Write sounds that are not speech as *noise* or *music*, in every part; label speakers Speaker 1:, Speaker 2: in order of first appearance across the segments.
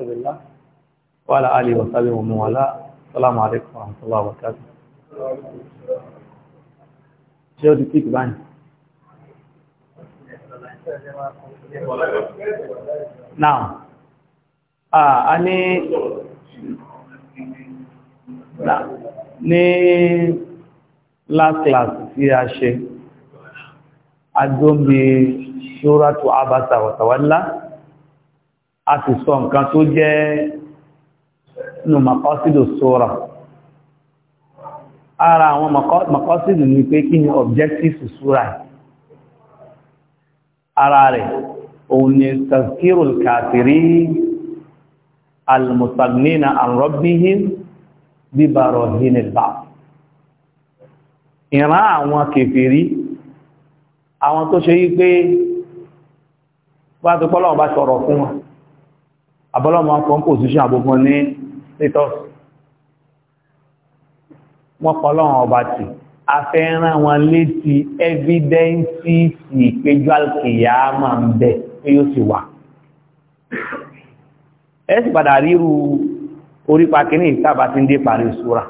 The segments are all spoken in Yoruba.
Speaker 1: رسول الله
Speaker 2: وعلى آله وصحبه ومن والاه السلام عليكم ورحمة الله وبركاته شو دي تيك بان نعم آه أني نعم ní last class tí a ṣe agbóhùn bí ṣúra tó abasa wa a sì sọ nǹkan tó jẹ́ nù makọ́sídò sọ́rọ̀ ara àwọn makọ́sídò ní pé kí ni objective sura ara rẹ̀ òun ni tazkirul kafiri almusagnina an rabbihim bíbàrọ̀ ìran àwọn kèfèrí àwọn tó ṣe yí pé bá tó pọ́lọ̀ bá sọ̀rọ̀ fún wọn abọ́lọ́mọ fún pòsíṣàn àgbogbo ní status wọ́n pọ̀lọ́wọ́n ọba tí a fẹ́ rán wọn létí evidence ìpéjọ alkìyà máa ń bẹ̀ pé yóò sì wà ẹ sì padà ríru orípa kìíní ìtàbà tí ń dé parí súra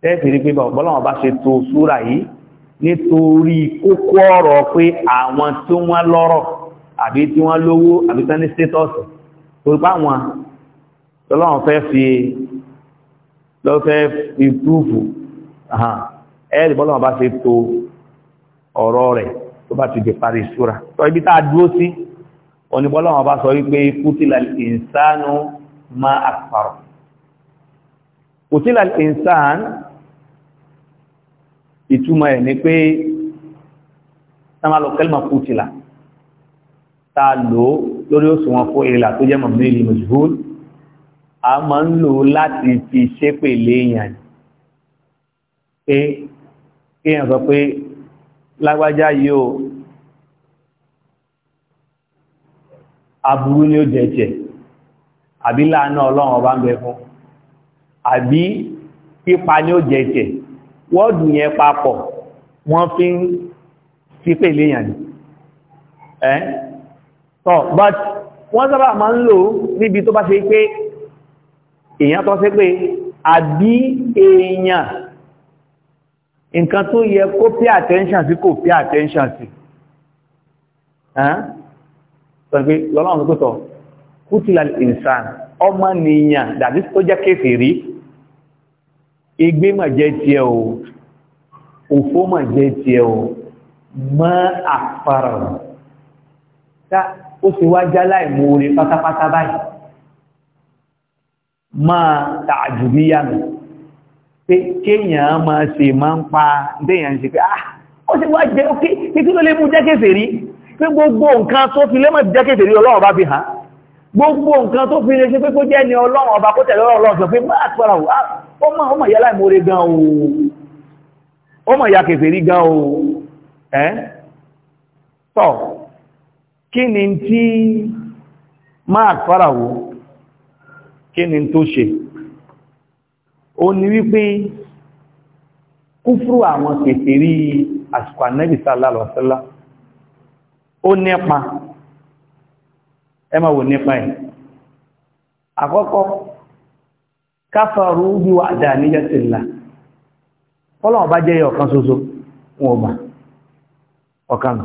Speaker 2: tẹ́ẹ̀sì rí pé bọ́lọ́wọ́n bá ṣe to súra yìí nítorí kókó ọ̀rọ̀ pé àwọn tí wọ́n lọ́rọ̀ àbí tí wọ́n lówó àbí tán ní status torí pé àwọn lọ́lọ́run fẹ́ fi lọ́ fẹ́ fi túùfù ẹ̀rì bọ́lọ́run bá ṣe to ọ̀rọ̀ rẹ̀ tó bá ti dé parí sura tó ibi tá a dúró sí oníbọ́lọ́run bá sọ wípé kútìlà ìsánú máa àpàrọ̀ kútìlà ìsán ìtumọ̀ ẹ̀ ni pé tá máa lọ kẹ́lìmọ̀ kútìlà tá a lò ó lórí òṣùwọ̀n fún ìrìnlà tó jẹ́ mọ̀mí ìlú mọ̀júhùn a máa ń lò láti fi ṣépè léèyàn pé kéèyàn sọ pé lágbájá yóò aburú ni ó jẹ́jẹ́ àbí láàánú ọlọ́run ọba ń bẹ fún àbí pípa ni ó jẹ́jẹ́ wọ́ọ̀dù yẹn papọ̀ wọ́n fi ń ṣépè léèyàn ẹ́ tọ́ but wọ́n sábà máa ń lò níbi tó bá ṣe pé èèyàn tó ṣe pé àbí èèyàn nǹkan tó yẹ kó pay attention sí kò pay attention sí pẹ̀lú lọ́lọ́run tó tọ̀ kútìlà ìsàn ọmọ nìyàn dàbí tó jẹ́ kéfèrí igbe mà jẹ́ tiẹ̀ o òfó mà jẹ́ tiẹ̀ o mọ́ àfàrà ó sì wá jálá ìmoore pátápátá báyìí máa tààjùbíyàmù pé kéèyàn máa ṣe máa ń pa déèyàn ṣe pé ah ó sì wá jẹ́ ókè títí ló lè mú jẹ́kẹ̀ẹ́sẹ̀ rí pé gbogbo nǹkan tó fi lẹ́mọ̀ jẹ́kẹ̀ẹ́sẹ̀ rí ọlọ́run bá fi hàn gbogbo nǹkan tó fi lè ṣe pé kó jẹ́ ni ọlọ́run ọba kó tẹ̀lé ọlọ́run sọ pé máa pẹ́ra ah, ò ó mọ̀ ó mọ̀ ìyá láìmoore gan o ó mọ̀ ìyá kẹfẹ́ rí gan o ẹ́ tọ́ kí ni tí mark farawo kí ni tó ṣe ó ní wípé kúfúrú àwọn kèfèrí àsìkò ànẹ́bì sallallahu alaihi wasallam ó nípa ẹ máa wò nípa ẹ̀ àkọ́kọ́ káfàrú bí wà dáa níyẹ́ ti là fọ́lọ́wọ́ bá jẹ́ ọ̀kan ṣoṣo wọn ọba ọ̀kanù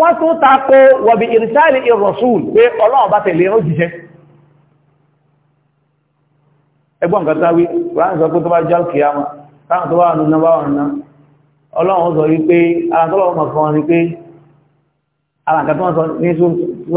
Speaker 2: wọ́n tún tako wọ̀bí ìrìsáàlì ìrọ̀sùn pé ọlọ́run bá tẹ̀lé ó jíṣẹ́ ẹgbọ́n kàtàwí ránṣọ́ pé tó bá jẹ́ kìyàmà táwọn tó wà nínú bá wà nínú ọlọ́run sọ wípé alàtọ́lọ́wọ́ mọ̀ fún wọn ni pé alàkàtọ́ sọ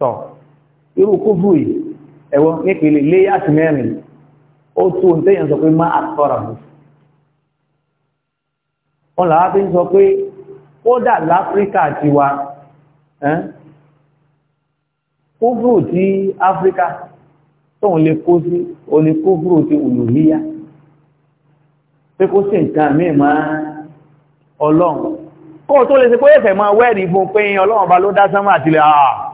Speaker 2: tọ̀ irú kúfù yìí ẹ̀wọ̀n nípele léyà sí mẹ́rin ó tó ń tẹ́yàn sọ pé má àtọ́ra bù wọn làwọn fi ń sọ pé kódà láfíríkà tiwa kúfù ti áfíríkà tóun lè kó sí o lè kúfù ti olùhíyà pé kó sí nǹkan míì máa ọlọ́run kó tó lè ṣe kó yẹ̀fẹ̀ máa wẹ́ẹ̀rí fún pé ọlọ́run ọba ló dá sánmà àtìlẹ̀ àà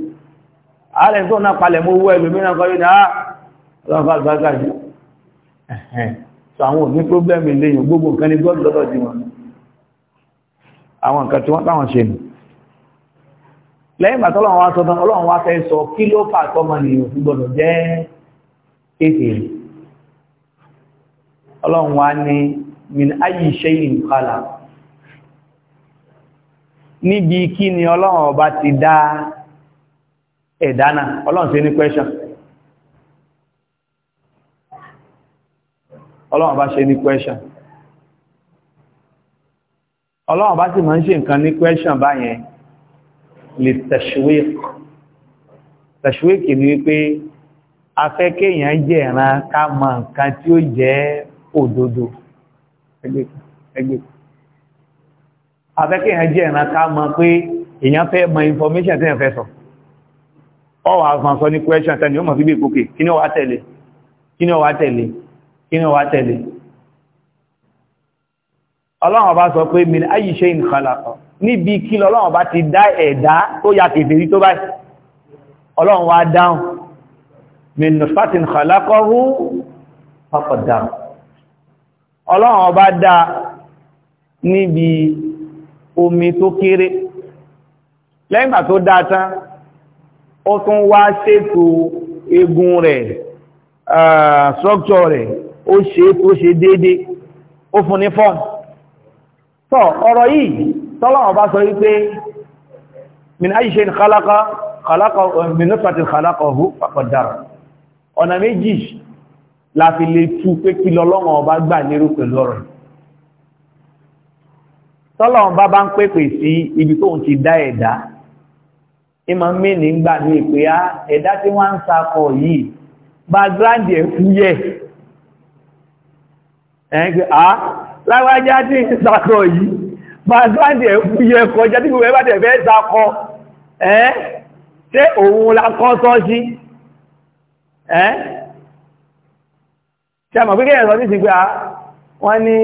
Speaker 2: ààrẹ tó náà palẹ̀ mọ́ owó ẹlòmíràn kọ́ yóò ní ààrẹ ah, àgbàgbà jù ẹ̀hẹ̀ so àwọn òní problem léyìn gbogbo nǹkan ní god lọ́dọ̀ tí wọn àwọn nǹkan tí wọ́n táwọn ṣe nù lẹ́yìn ìgbà tọ́lọ́run wá sọ tán ọlọ́run wá fẹ́ sọ níbi kí ni ọlọ́run ọba ti dáa ẹ̀dánà ọlọ́run ní question ọlọ́run bá ṣe ní ọlọ́run sì máa ṣe nǹkan ní question báyẹn lè tashwiq ni wípé afẹ́ kéèyàn jẹ́ ìran ká nǹkan tí ó jẹ́ òdodo ẹgbẹ́ pé èèyàn fẹ́ information tí èèyàn ọwà àfànsọ ní kwẹ́ṣàn tẹ́ni o mọ̀ sí bí ìkókè kí ní ọwà tẹ̀lé kí ní ọwà tẹ̀lé kí ní ọwà tẹ̀lé ọlọ́run bá sọ pé min ayi shay'in khalaqa ya kèfèrí tó báyìí ọlọ́run wá dáhùn min nutfatin khalaqahu faqaddara ọlọ́run bá dá níbi omi tó kéré lẹ́yìn tó dá tán ó tún wá ṣètò egun rẹ̀ ah, structure rẹ̀ ó ṣe tó ṣe déédé ó fún ní form tọ́ ọ̀rọ̀ yìí tọ́lọ́wọ́ bá sọ wípé min ayi ṣe khalaqa khalaqa min nutfatin khalaqahu faqaddara ọ̀nà méjì la fi lè tú pé kí lọ́lọ́wọ́n ọba gbà lérò pẹ̀lú ọ̀rọ̀ tọ́lọ́wọ́n bá bá ń pèpè sí ibi tóun ti dá ẹ̀dá ní ma mí ní gbà ní ìpé á ẹ̀dá tí wọ́n ń sakọ̀ yìí bá gíráǹdì ẹ̀kú yẹ ẹ̀ẹ́gbẹ̀ á láwájá tí ń sakọ̀ yìí bá gíráǹdì ẹ̀kú yẹ kọjá tí gbogbo ẹbá tẹ̀fẹ́ sakọ̀ ẹ́ tẹ́ òun la kọ́ sọ́ sí ẹ́ tí a mọ̀ pé kẹ́yẹ̀ sọ ní sí pé á wọ́n ní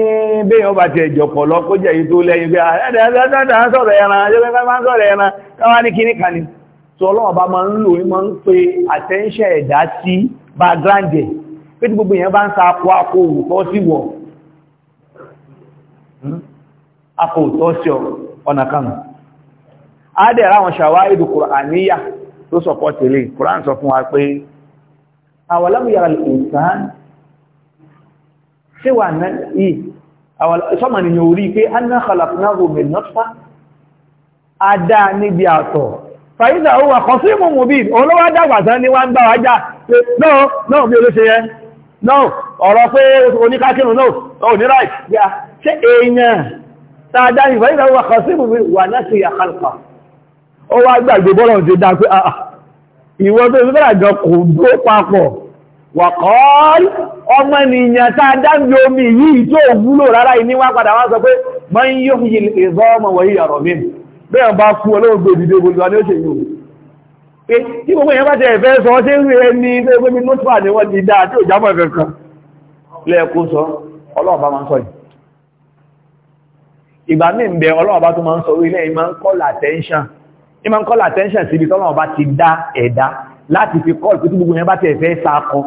Speaker 2: béèyàn bá ti ẹ̀jọ̀ pọ̀ lọ kó jẹ́ èyí lẹ́yìn pé á ẹ̀dẹ̀ ẹ̀dẹ̀ sọ̀rọ̀ ẹran ẹ̀dẹ̀ sọ̀rọ̀ ẹran káwá ní kíní kan ni tí ọlọ́wọ́ bá máa ń lò ní máa ń pe attention ẹ̀dá sí background ẹ̀ pé tí gbogbo èèyàn bá ń sa akọ akọ òwúkọ́ sí wọ̀ akọ hmm? òtọ́ sí ọ̀nà kanu adẹ̀ ráwọn ṣàwá ìdù kùránìyà tó sọpọ̀ tẹ̀lé kùrán sọ fún wa pé àwọ̀lẹ́mù yàrá ìsàn síwà náà yìí sọ́mà nìyàn orí pé anna khalaqnahu min nutfa adá níbi fàyíṣà ohun àkọsí mú mú bí olówó dàgbàtán ní wá ń bá wa jà pé náà náà bí olóṣe yẹ náà ọ̀rọ̀ pé oníkákínù náà oníráìt yá ṣe èèyàn tààdá ìfàyíṣà ohun àkọsí mú bí wà náà sí àkàlùkà ó wá gbàgbé bọ́lọ̀ ti dá pé àà ah, ah, ìwọ tó ti bẹ́rẹ̀ jọ kò dó papọ̀ wàkọ́ọ́l ọmọ ènìyàn tààdá bẹ́ẹ̀ bá kú ọlọ́gbẹ̀ ìdìdè olùwà ní òṣè yìí tí gbogbo èèyàn bá jẹ ẹ̀fẹ́ sọ tí ń rí ẹni gbogbo mi nótùwà ní wọ́n ti dáa tí ò jábọ̀ ẹ̀fẹ́ kan lẹ́ẹ̀kú sọ ọlọ́ọ̀bá máa ń sọ yìí ìgbà mí ń bẹ ọlọ́ọ̀bá tó máa ń sọ orí ilẹ̀ ìmá ń kọ́lá attention síbi tọ́lọ́ọ̀bá ti dá ẹ̀dá láti fi kọ́ọ̀lù pé tí gbogbo èèyàn bá tẹ̀ fẹ́ sa akọ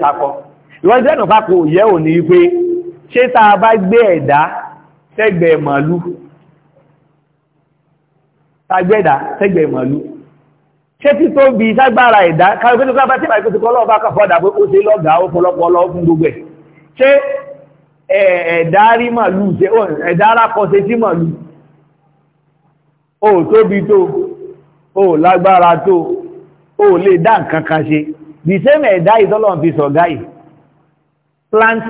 Speaker 2: akọ ìwọ́n jẹ́ ẹ̀nà fákò yẹ́ ò ní wípé ṣé tá a bá gbé ẹ̀dá sẹ́gbẹ̀ẹ́ màálù tagbẹ́dà sẹ́gbẹ̀ẹ́ màálù ṣé tí tó bí ságbára ẹ̀dá káwé pé tó sábà tí bàbá ìkọsíkọ́ lọ́ọ̀bá kàfọ́dà pé ó ṣe lọ́gàá ó pọ̀lọpọ̀ lọ fún gbogbo ẹ̀ ṣé ẹ̀ẹ̀dá rí màálù ṣe ẹ̀dá arákọ̀ṣe sí màálù ó fi sọ̀gá plant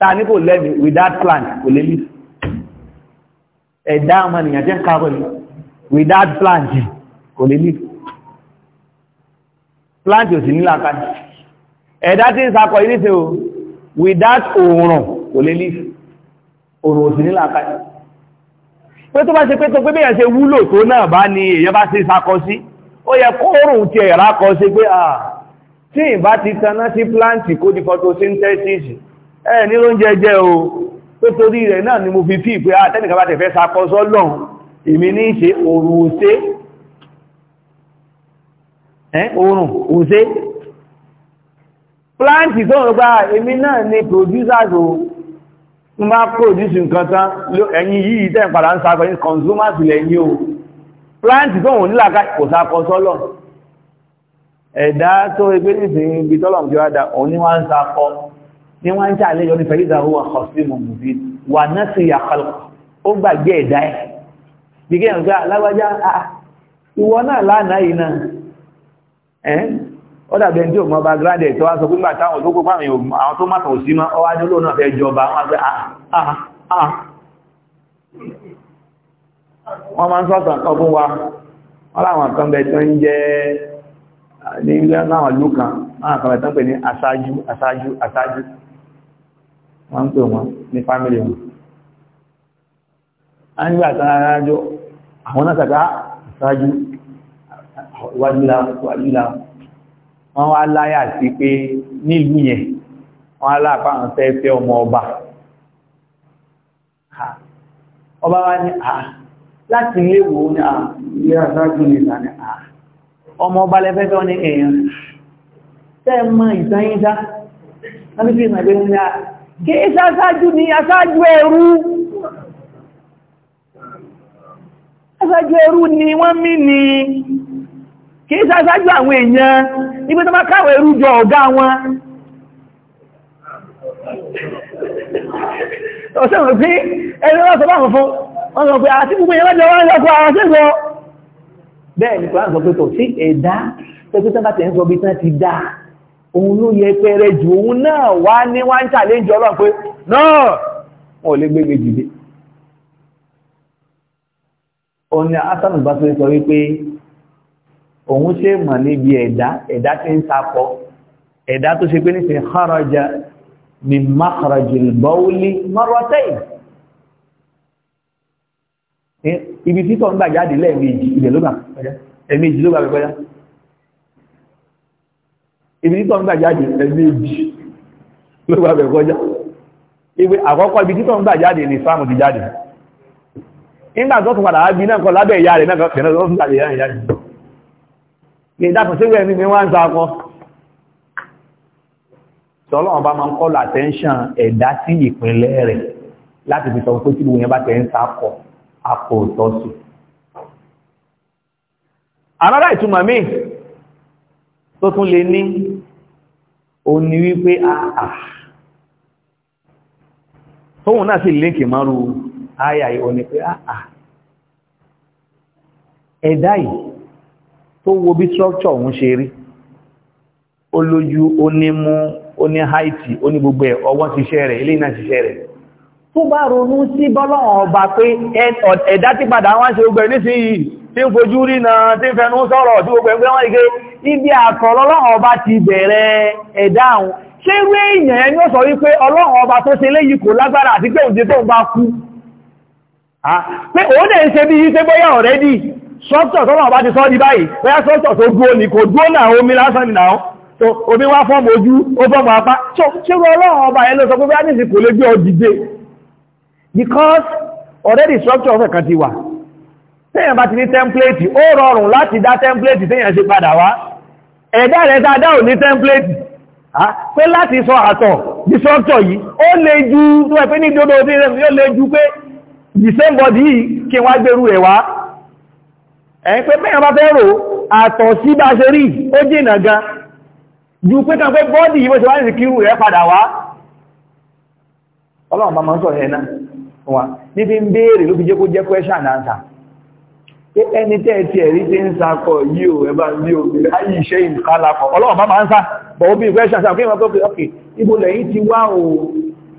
Speaker 2: ta ní kò lẹ́mí without plant E lè lè ni ọmọ ènìyàn jẹ́ carbon without plant kò lè lè plant ò sí nílá kájì ẹ̀dá tí ń sakọ̀ ilé ṣe o without oòrùn kò lè lè oòrùn ò sí nílá kájì pé tó bá ṣe pé tó pé bẹ́yàn ṣe wúlò tó náà bá ní èyàn bá ṣe sakọ sí ó yẹ kóòrùn ti ẹ̀rá kọ sí pé àà ah, tí ìbá ti taná sí pláǹtì kó di photosynthesis ẹ ní ló ń jẹjẹ o tó torí rẹ̀ náà ni mo fi fi ìpé àtẹ́nìkan ah, bá tẹ̀fẹ́ sakọsọ́ lọ́n èmi ní ṣe òrùn òṣé òrùn òṣé pláǹtì tó ń rọgbà èmi náà ni producers o ń bá produce nǹkan tán ẹ̀yin yìí tẹ́ padà ń sakọ̀ ní consumers lẹ́yìn o pláǹtì tó ń nílàkà kò sakọsọ́ lọ́n ẹ̀dá tó ẹgbẹ́ nìsìn ibi tọ́lọ̀m tí wá dá òun ní wọ́n ń sakọ́ ní wọ́n ń tààlé yọ ní fẹ̀yíta ó wà kọ̀símù mùsí wà náà sí àkàlù ó gbàgbé ẹ̀dá ẹ̀ gbígbé ẹ̀gbá alágbájá ah, ah, ìwọ náà lánàá yìí náà ẹ̀ ó dàbí ẹni tí ò mọ bá gírádẹ̀ tó wá sọ pé gbàtà àwọn tó kó pàmì àwọn tó mátà wọ́n láwọn kan tó ń jẹ́ ní ilé náà ló kan náà kàwẹ̀ tán pè ní aṣáájú aṣáájú aṣáájú wọ́n ń pè wọ́n ní fámílì wọn a ń gbà aṣáájú àwọn náà sàkà aṣáájú wájúlá wọ́n wá láyà sí pé nílùú yẹn wọ́n aláàpá àwọn fẹ́ fẹ́ ọmọ ọba ọba wá ní à láti léwòó ní à ọmọ ọba lẹ́fẹ́fẹ́ ní èèyàn tẹ́ mọ́ ìtanyíta láti fi ìsànlẹ̀ ní à kí sáájú ní aṣáájú ẹrú aṣáájú ẹrú ni wọ́n mí ni kí sáájú àwọn èèyàn tó ẹrú jọ ọ̀gá wọn
Speaker 1: ọ̀sẹ̀ wọ́n sọ bá wọn fún wọ́n
Speaker 2: sọ pé àti bẹ́ẹ̀ ni kòrán sọ pé kò sí ẹ̀dá pẹ́pẹ́ tán bá tẹ̀ ń sọ bí tán ti dá òun ló yẹ pẹ́rẹ́ jù òun náà wá ní wá ń challenge ọlọ́run pé náà wọn ò lè gbé méjì dé òun ni asanu bá tó sọ wípé òun ṣe mọ̀ níbi ẹ̀dá ẹ̀dá tí ń sapọ̀ ẹ̀dá tó ṣe pé nísìnyí kharaja min makhrajil bawli marratayn Eh, ibi títọ̀ ń gbà jáde lẹ́ẹ̀mejì ibẹ̀ ló gbà kọjá ẹ̀mejì ló gbà kọjá ibi títọ̀ ń gbà jáde ẹ̀mejì ló gbà kọjá ibi àkọ́kọ́ ibi títọ̀ ń gbà jáde ní sáàmù ti jáde nígbà tó tún padà á bí náà kọ lábẹ́ ìyá rẹ̀ náà fẹ̀rẹ̀ lọ́sùn jáde ìyá rẹ̀ jáde ìdákan sí wẹ́ẹ̀ ní wọ́n ń sakọ tọ́lọ́wọ́n bá máa ń kọ́ lọ àtẹ́ńṣàn ẹ̀dá sí ìpínlẹ̀ rẹ̀ láti fi sọ akọ òtọ́ sí arára ìtumọ̀ tó tún lè ní o ní wípé àà tóhun náà sì l'ẹ́kì márù ayà ni pé àà ẹ̀dá yìí tó wo bí structure òun ṣe rí ó lójú ó tó bá ronú sí bọ́lọ́wọ̀n ọba pé ẹ̀dá tí padà wá ń ṣe ogbẹ̀ nísìnyí tí ń fojú rí na tí ń fẹnu sọ̀rọ̀ tí ogbẹ̀ pé wọ́n ike ibi àtọ̀lọ́lọ́wọ̀n ọba ti bẹ̀rẹ̀ ẹ̀dá àwọn ṣé wé èèyàn ẹni ó sọ wípé ọlọ́wọ̀n ọba tó ṣe léyìí kò lágbára àti pé òun ti tó ń bá kú pé òun lè ṣe bí iṣẹ́ bóyá ọ̀rẹ́dì sọ́tọ̀ tọ́lọ̀ ọba ti sọ́ di báyìí bóyá sọ́tọ̀ tó dúó ní kò dúó náà omi lásán ni so omi wá fọ́mù ojú ó fọ́mù apá ṣe rọ ọlọ́run ọba ẹ lọ sọ pé bá nìsí kò lè because already structure ọ̀fẹ́ kan ti wà tẹ́yàn bá ti ní template ó rọrùn láti dá template tẹ́yàn ṣe padà wá ẹ̀dá rẹ̀ dáadáa ò ní template ah, pé láti sọ àtọ̀ ní structure yìí ó lè ju tó ẹ̀ pé ní dodo ní ó lè the same body yìí kí wá gbèrú ẹ̀ wá ẹ̀yìn pé tẹ́yàn bá fẹ́ rò àtọ̀ sí bá ṣe rí ó jìnà gan ju pé kan pé bọ́ọ̀dì yìí bó ṣe wá ní máa ń sọ ẹ̀ náà fún wa níbi ń béèrè ló fi jẹ́ kó jẹ́ question answer pé ẹni tẹ́ ti ẹ̀rí tí ń sakọ̀ yí o ẹbá ní obìnrin ayé iṣẹ́ ìkálapọ̀ ọlọ́wọ̀n bá máa ń sá bọ̀ ó bí question answer kí wọ́n tó fi ọkè ibo lẹ́yìn ti wá o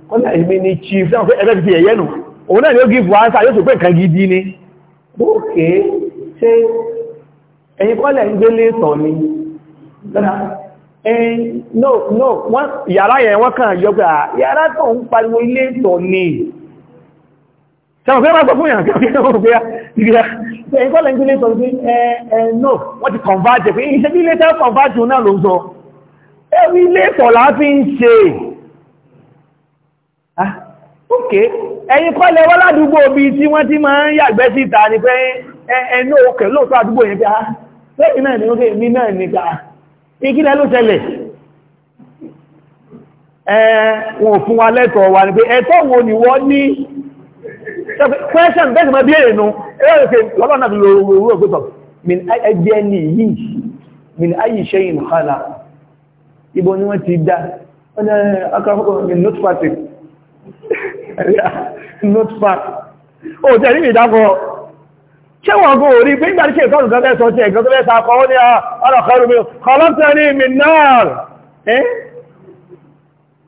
Speaker 2: kọ́lá èmi ni chief sáwọn pé ẹgbẹ́ ti ẹ̀yẹ́ nù òun náà ni ó give answer yóò sọ pé nǹkan gidi ni ókè ṣe ẹ̀yin kọ́lẹ̀ ń gbélé tọ̀ ni no no yàrá yẹn wọ́n kàn yọ pé ah, yàrá tó ń pariwo ilé tọ̀ ni sẹ́wọ̀n fẹ́ máa sọ fún ìyàn kí wọ́n gbé ìgbé ẹ̀yìn kọ́lẹ̀ ń gbélé sọ pé ẹ̀ẹ̀nà wọ́n ti convert pé iṣẹ́ bí ilé tẹ́ convert náà ló ń sọ ẹ̀wí ilé sọ̀lá fi ń ṣe ókè ẹ̀yìn kọ́lẹ̀ wọ́n ládùúgbò bí tí wọ́n ti máa ń yàgbẹ́ síta ni pé ẹ̀ẹ̀nà òkè lóòtọ́ àdúgbò yẹn pé ah lẹ́yìn náà ni ó mi náà ni ká ìkílẹ̀ ló ṣẹlẹ̀ ẹ̀ wọn ò fún wa lẹ́tọ̀ọ́ wa ni pé ẹ̀tọ́ wo ni wọ́n ní question bẹ́ẹ̀ ma bí èèyàn ẹ̀rọ ìfẹ́ lọ́lọ́ náà lọ owó ọgbọ́tọ̀ min ẹgbẹ́ ní yìí min ayi ṣẹ́yìn hànà ibo ni wọ́n ti dá ọ̀nà akọ́kọ́ min notepad *laughs* notepad ó tẹ́ ní ìdákọ́ ṣé wọ́n gó orí pé nígbàtí ṣe ìtọ́nù tọ́lẹ́sọ́ ti ẹ̀gọ́ tọ́lẹ́sà kọ́ ní ọ̀rọ̀ ah, kọrùmí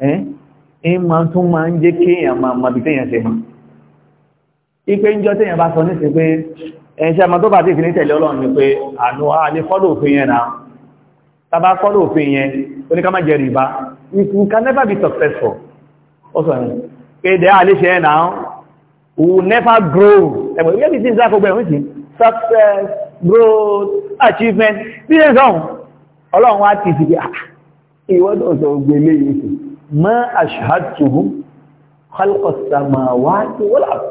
Speaker 2: ẹ́ ma tún ma ń jẹ́ kéèyàn ma ma bí téèyàn ṣe ma ipe ń jọ téèyàn bá sọ ní sí pé ẹ̀ṣẹ́ ma tó bá ti fi ní tẹ̀lé ọlọ́run ni pé àánú a lè fọ́lò òfin yẹn náà tàbá fọ́lò òfin yẹn ó ní ká má jẹ rìbá if we can never be successful ó sọ yẹn pé dẹ́ a lè will never grow ẹ̀wọ̀n ìwé ti ti ń sá success growth achievement bí ẹ̀ sọ̀rọ̀ ọlọ́run wá ti fi ah, ìwọ́dọ̀ sọ gbélé yìí ma ashhadtuhum khalqa as-samawati wal ard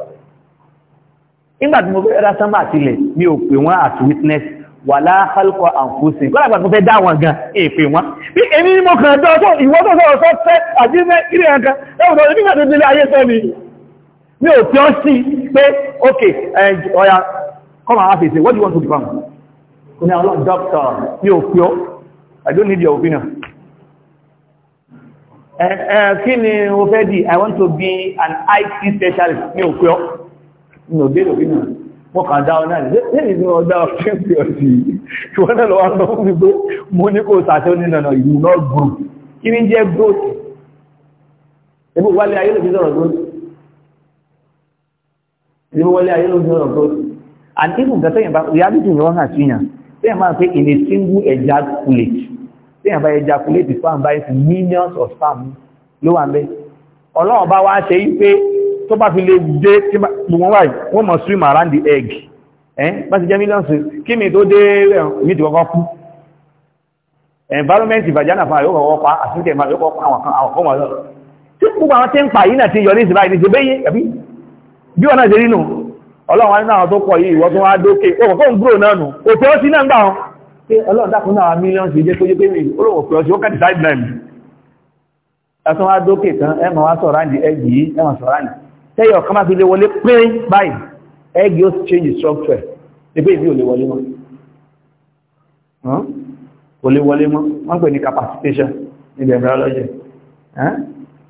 Speaker 2: nígbà tí mo fẹ́ ra sánmà àtìlẹ̀ mi ò pè wọ́n as witness wala khalqa anfusin kọ́lá àgbà tó fẹ́ dá wọn gan èpè wọn bí èmi ni mo kàn dán tó ìwọ́ tó sọ̀rọ̀ sọ fẹ́ àjíṣẹ́ ilé ẹ̀kan ẹ̀wọ̀n tó nígbà tó délé ayé sẹ́mi mi ò fi ọ́ sí pé okay ọ̀yà come and have a say what do you want to become? kò ní doctor mi ò fi ọ́ I don't need your opinion kí ni o fẹ́ di i want to be an IT specialist ní òkú ọ́ ní òbí òbí náà wọ́n kàn dá ọ náà lẹ́yìn ní ọjọ́ ọ̀fẹ́ǹkì ọ̀sì ṣùgbọ́n náà lọ́wọ́ sọ fún mi pé mo ní kò sàṣẹ onínànà ìlú náà gbòòrò kí ni jẹ́ growth ebi wálé ayé lòdì and even gàtẹ́yìn bá reality ni wọ́n hàn síyàn bẹ́ẹ̀ máa pé in a single exact tí yàn bá ejaculate sperm báyìí sí millions of sperm ló wà mẹ́ ọlọ́run bá wá ṣe yí pé tó bá fi lè dé tí gbogbo wáyé wọ́n mọ̀ swim around the egg ẹ́ bá ti jẹ́ millions kí mi tó dé mi ti kọ́kọ́ kú environment vagina fún àyọkọ̀ ọ̀pá àtúntẹ̀ máa yọkọ̀ àwọn kan àwọn kan wà lọ́rọ̀ tí gbogbo àwọn tí ń pa yìí náà ti yọ ní ìsìnbá ìdí ṣe béyé àbí bí ọ̀nà ìṣerínú ọlọ́run wọn náà tó pọ̀ yìí ìwọ́n tó wá dókè ó kọ̀ọ̀kọ́ ń gbúrò náà nù òfin ó sí náà ń gbà wọn pé ọlọ́run dákun náà mílíọ̀nù sí jẹ́ kójú pé olóòwò pé ọṣù ó kẹ́ decide line ẹ̀sùn wá dókè tán ẹmọ wá sọ̀rọ̀ àndì ẹgbì yìí ẹmọ sọ̀rọ̀ àndì tẹ́yọ̀ kan máa lè wọlé pín báyìí ẹgbì ó change structure ẹgbẹ́ ìbí ò lè wọlé mọ́ ò lè wọlé mọ́ wọ́n pè ní capacitation ní embryology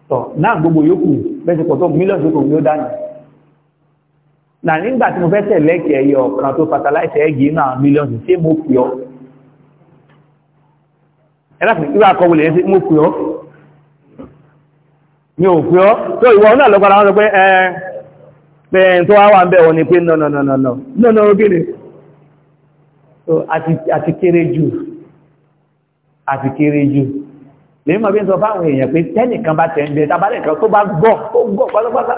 Speaker 2: tọ̀ náà gbogbo yòókù bẹ́ẹ̀ pọ̀ tó mílíọ̀nù yòókù ni ó dání nà nígbà tí mo fẹ́ tẹ̀lẹ́kì ẹyọ kan tó fertilize ẹgbì náà mílíọ̀nù ẹlẹ́kùn ìwé àkọwò lè mú pè ọ́ ní òpè ọ́ tó ìwọ náà lọ́gbàrá wọn sọ pé ẹ̀ẹ́n tó wá wà ń bẹ̀ wọn ni pé no no no no no no no gíní so àti kéré jù àti kéré jù lè mọ̀ bí n sọ fáwọn èèyàn pé tẹ́nìkan bá tẹ̀ ń bẹ tabalẹ̀ kan tó bá gbọ́ tó gbọ́ pátápátá